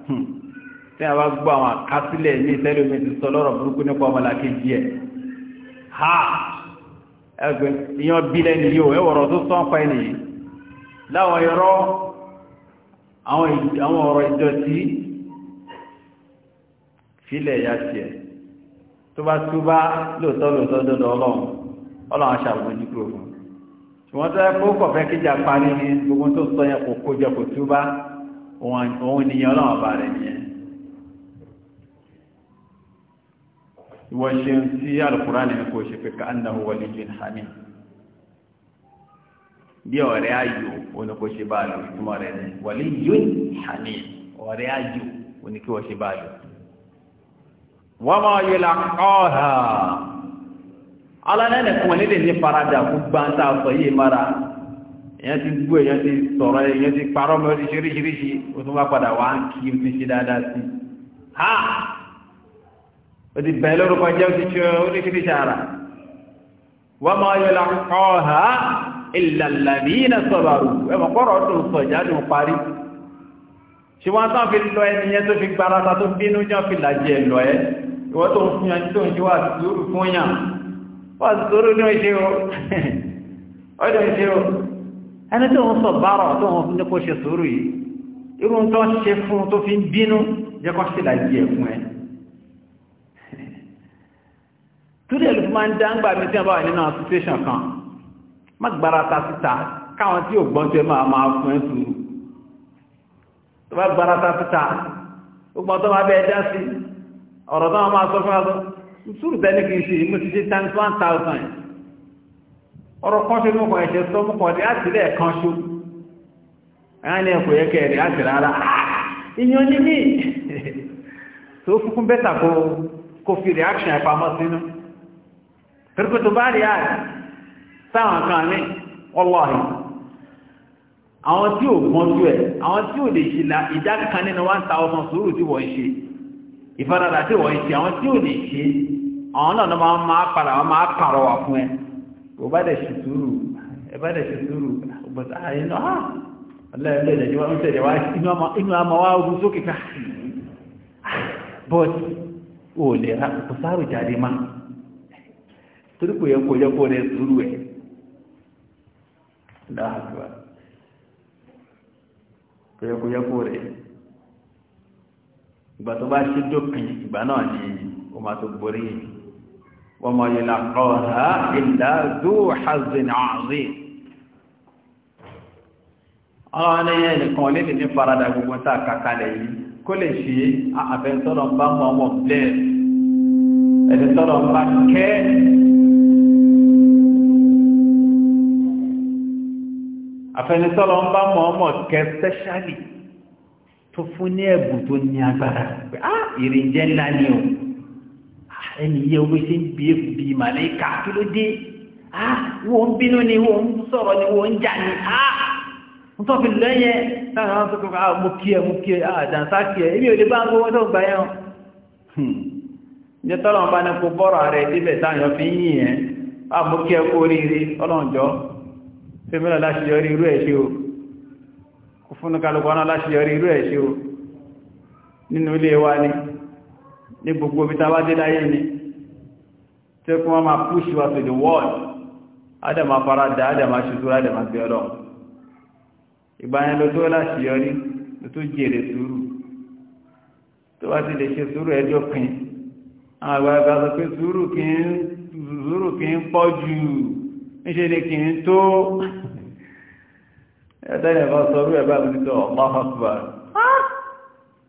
hmm, tí a bá gbọ́ àwọn omi ti sọ lọ́rọ̀ àwọn ọ̀rọ̀ ìdọ̀tí sílẹ̀ ya tiẹ̀ tó bá tó bá lóòótọ́ lóòótọ́ dọ́dọ̀ ọlọ́run ọlọ́run ṣàbójú kúrò fún ṣùgbọ́n tó yẹ kó kọ̀fẹ́ kíjà parí ni gbogbo tó sọ yẹn kò kó jẹ kò tó bá òun nìyẹn ọlọ́run ọba rẹ̀ nìyẹn ìwọ ṣe ń tí alukura ni kò ṣe pé ká annahu waliyyun hamid bí ọ̀rẹ́ ayò oníkóṣe bá lò ìtumọ̀ rẹ̀ ní wọlé yóò hàní ọ̀rẹ́ ayò oníkóṣe bá lò. wọ́n máa yẹ la kọ́ọ̀hà alálẹ́lẹ̀ fún wọn nílé ní faradà fún gbáǹtà sọ yìí mara èyàn ti gbó èyàn ti sọ̀rọ̀ èyàn ti parọ́ mọ́ ti ṣeríṣiríṣi o tún bá padà wá kí o ti ṣe dáadáa sí ha o ti bẹ̀ẹ́ lórúkọ jẹ́ o ti ṣe oríṣiríṣi ara wọ́n máa yẹ la kọ́ọ̀hà ìlàlàdínà sọ̀bàrù ẹmọ̀ kọ́rọ̀ ọdún sọ̀jádùn parí ṣùgbọ́n tán fi lọ ẹniyẹ tó fi gbarata tó bínú jọ fi làjẹ̀ lọ ẹ́ ìwọ́n tó ń fún yàn tó ń jí wà sùúrù fún yàn wà sùúrù ní ìṣe o ọdún (laughs) ìṣe o ẹni tó ń sọ bárọ̀ tó ń fún ní kó ṣe sùúrù yìí irú tó ń (laughs) máa ń dá ń gbà mí tí wọ́n bá wà nínú association kan má gbára ta síta káwọn tí ò gbọ́n tẹ máa máa fún ẹ́ sùúrù tó bá gbára ta síta gbogbo ọ̀tọ́ máa bẹ́ẹ̀ dá sí ọ̀rọ̀ tó máa sọ fún ọdún sùúrù tẹ́lẹ̀ kìí ṣe mo ti ṣe times one thousand ọ̀rọ̀ kan ṣe mọ́kàn ẹ̀ṣẹ̀ sọ mọ́kàn ọ̀dẹ́ láti rẹ̀ kan ṣo ẹ̀yán ni ẹ̀kọ́ yẹ kẹ́ rẹ̀ láti rárá ìyàn ní mí tó fúnkún bẹ́tà kó fi reaction ẹ̀ pamọ́ sínú torí pé bá rí àrẹ̀ sáwọn kan ní ọlọ́ọ̀hì àwọn tí ò gbọ́n jú ẹ̀ àwọn tí ò lè ṣe ìdá kan nínú wá ń ta ọmọ sùúrù tí wọ́n ṣe ìfaradà tí wọ́n ṣe àwọn tí ò lè ṣe àwọn náà máa ma padà wọ́n máa pààrọ̀ wà fún ẹ ò bá dẹ̀ ṣe sùúrù ẹ bá dẹ̀ ṣe sùúrù ààyè ah, náà ah, inú àmọ́ wá ogun sókè ká ò lè ra kò jáde má yẹ láàgbà kóyẹ́kóyẹ́kó rẹ̀ ìgbà tó bá ṣe dópin ìgbà náà ni ó máa tó borí wọ́n mọ̀ yìí làkọ́ọ̀há ìlà dúó hazin àárí àwọn ẹniyàn nìkan lè ní farada gbogbo tá kàkalẹ̀ yìí kó lè ṣe àbẹ̀ntọ́rọ̀ bá mọ̀ ọmọ blẹ̀ ẹ̀dẹ̀ntọ́rọ̀ bá kẹ́ẹ̀ àfẹnusọ́lọ́ ń bá mọ̀ ọmọ kẹ sẹ́ṣálì tó fún ní ẹ̀bùn tó ní agbára pé á ah, ìrìnjẹ́ ńlá ni o ah, ẹni yẹ owó ṣe ń bí bí màlẹ́kà kí ló dé á ah, wọ́n ń bínú ni wọ́n ń sọ̀rọ̀ ni wọ́n ń jà ni á ń tọ́ fi lẹ́yẹ lára wọn tó kọ́ á mo kí ẹ mo kí ẹ á dànsá kí ẹ èmi ò lè bá ń tó gbà yẹn o hmm. ní tọ́lọ́mọba ń yìn ẹ́ kó oríire ṣe mẹ́rẹ̀ láti yọrí irú ẹ̀ ṣe o kò fún kálùkọ́ náà láti yọrí irú ẹ̀ o nínú ilé wa ni ní gbogbo ibi tàbá dé láyé ni tí kún wọ́n máa push wa to the wall adama farada adama ṣùtú adama fi ọlọ́ ìgbàyẹn ló tó láti yọrí ló tó jèrè sùúrù tó wá ti lè ṣe pọ̀ jù níṣẹ́ ni kì í tó ẹ̀tẹ́lẹ̀ bá sọ rú ẹ̀bá mi tọ́ ọ̀pá fàkùbà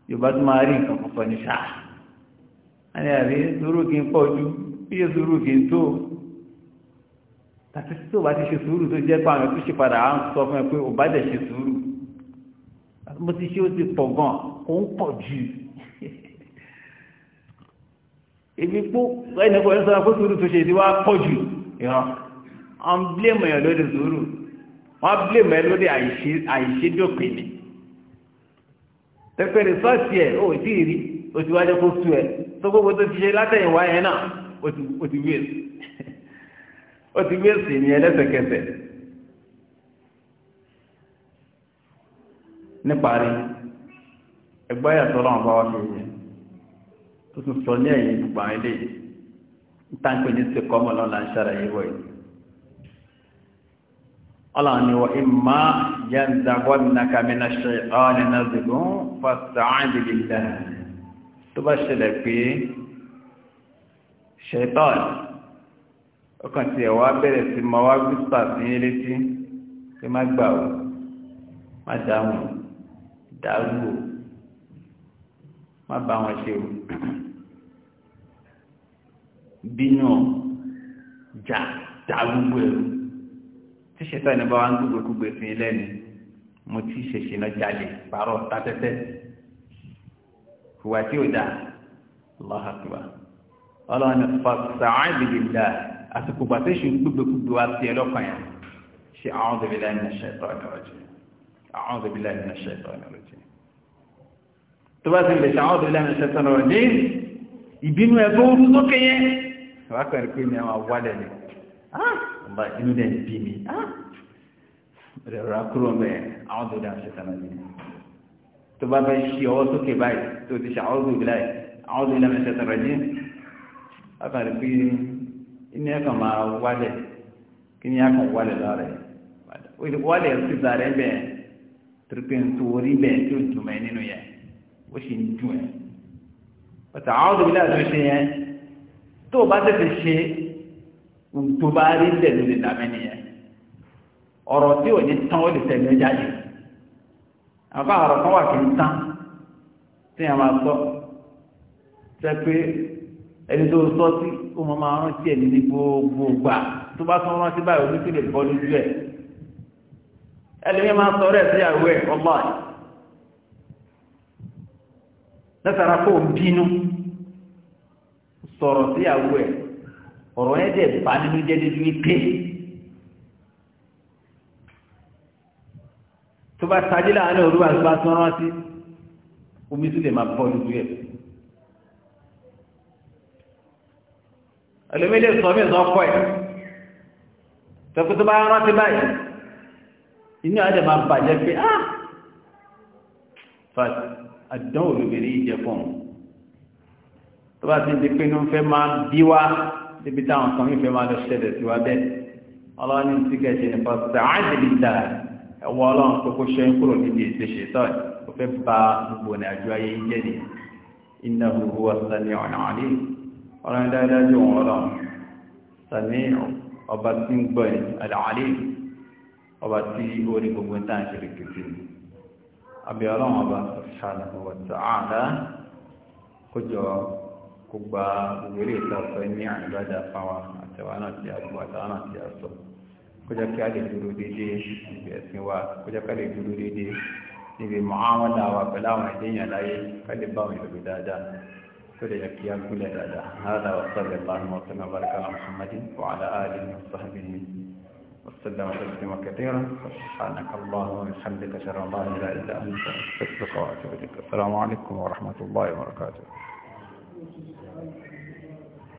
yorùbá tó máa rí nǹkan púpọ̀ ní sáà ẹni àrí sùúrù kì í pọ̀ ju iye sùúrù kì í tó tàbí tó bá ti ṣe sùúrù tó jẹ́ pàmì tó ṣe padà á sọ fún ẹ pé ò bá dẹ̀ ṣe sùúrù mo ti ṣe ó ti pọ̀ gan kò ń pọ̀ jù èmi pọ́ ẹnì kan sọ pé sùúrù tó ṣe ti wá pọ̀ jù ìran wọ́n blame ẹ̀ lórí zuru wọ́n blame ẹ̀ lórí àìṣedópin ni tẹ́pẹ́ rìsọ́ọ̀sì ẹ̀ ó ti rí o ti wájú kó sú ẹ tó gbogbo tó ti ṣe látẹ̀yìnwá yẹn náà o ti wé o ti wé sí (laughs) ni ẹlẹ́sẹ̀kẹsẹ̀ níparí ẹgbẹ́ yàtọ̀ lọ́wọ́ bá wá fi yẹn tó tún sọ ní ẹ̀yìn gbogbo àwọn ilé yìí ń tàǹpẹ̀ ní sèkọ́mọ̀ lọ́la ń ṣàlàyé wọ̀nyí aláàni wa imma yanzaghannaka mina shaytani nazghun fasta'idh billah tó bá ṣẹlẹ̀ pé ṣẹ̀tọ́n ọkàn tí ẹ̀wà bẹ̀rẹ̀ sí ma wá gbísà sí létí pé má gbà ó má dáhùn dàrú má bá wọn ṣe bínú jà dàrú ẹ̀rù tí ṣètò ẹni bá wà ń dúgbòkúgbè sí ilé ni mo ti ṣèṣe náà jáde pààrọ̀ tatẹ́tẹ́ ìwà tí ò dáa lọ́hàkùbà ọlọ́run ní fàṣàáì bìbì dá àsìkò gbàtẹ́sù gbígbégbé wa ti ẹlọ́kàn yẹn ṣe àwọn òbí láì ní ṣètò ọ̀nà ọ̀jẹ̀ àwọn òbí láì ní ṣètò ọ̀nà ọ̀jẹ̀ tó bá ti lè ṣe àwọn òbí láì ní ṣètò ọ̀nà ọ̀jẹ̀ ìbínú ẹ̀ tó rú sókè yẹn wákàrí pé ní àwọn àwálẹ̀ ni ah! bá inú dẹ̀ ń bí mi ah! rẹ̀ rà kúrò mẹ́ àwọn tó dáa ṣe tánà ní tó bá bẹ́ ṣe ọwọ́ sókè báyìí tó ti ṣe àwọn tó bí láì àwọn tó ìlànà ṣe tánà ní látàrí pé inú ẹ̀ kàn máa wálẹ̀ kí ni a kàn wálẹ̀ lọ́rẹ̀ wálẹ̀ sí sàrẹ̀ bẹ́ẹ̀ torípé nítorí bẹ́ẹ̀ tó dùn mẹ́ nínú yẹn ó sì ń dùn ẹ̀ pàtàkì àwọn tó bí tó bá rí lẹ̀ ló lè dàmẹ́ nìyẹn ọ̀rọ̀ tí ò ní tán ó lè tẹ̀lé jáde àbá ọ̀rọ̀ kan wà kì í tán tí a máa sọ ṣe pé ẹni tó sọ sí ó máa máa rántí ẹni ní gbogbo gbà tó bá tún rántí báyìí ojú sì lè bọ́ lójú ẹ̀ ẹlẹ́yìn máa sọ rẹ̀ sí àwọ̀ ọgbà ẹ̀ látara kó o bínú sọ̀rọ̀ sí àwọ̀ ọ̀rọ̀ yẹn dẹ̀ bá nínú jẹ́ dídú ike tó bá tají láàárín òru àti bá tán rántí omi tún lè máa bọ́ lójú ẹ̀. ẹlòmílẹ̀ sọ mí sọ kọ́ ẹ̀ tọ́kú tó bá rántí báyìí inú àdè máa bàjẹ́ pé á ah! fà àdánwò lóbìnrin yìí jẹ fún un tó bá ti di pé ní wọ́n fẹ́ máa bí wá síbi táwọn kan yìí fẹ́ máa lọ ṣẹlẹ̀ sí wa bẹ́ẹ̀ ọlọ́run ní ti kẹ̀ṣẹ̀ nípa sàádìlítà ẹ̀wọ́ ọlọ́run kókó ṣe ń kúrò níbi ètò ṣètọ́ ó fẹ́ ba gbogbo ní àjọ ayé ń jẹ́ni iná huhu sani ọ̀nà àlè ọlọ́run dáadájú wọn ọlọ́run sani ọba tí ń gbọ́ àlè ọba tí ó rí gbogbo ń tàn ṣẹlẹ̀ kìkì ni ọlọ́run ọba sàlẹ̀ wọ̀ kó gba gbogbo ilé ìtàfẹ́ ní àìbádà fáwọn àtẹwà náà ti àgbò àtàwọn náà ti àsọ kó jẹ́ kí a lè dúró dédé níbi ẹ̀sìn wa kó jẹ́ ká lè dúró dédé níbi mọ̀hámọ́lá wa pẹ̀lú àwọn ẹ̀dẹ́yìn aláyé ká lè bá àwọn ìlú dáadáa kó lè jẹ́ kí a gúnlẹ̀ dáadáa hádà wa sọ́lẹ̀ láàrín ọ̀sán náà bàrẹ̀ kálá muhammadu wa alá àlẹ́ ní sọ́hábì ní وسلم تسليما كثيرا سبحانك اللهم وبحمدك اشهد ان لا اله الا انت استغفرك واتوب اليك السلام عليكم ورحمه الله وبركاته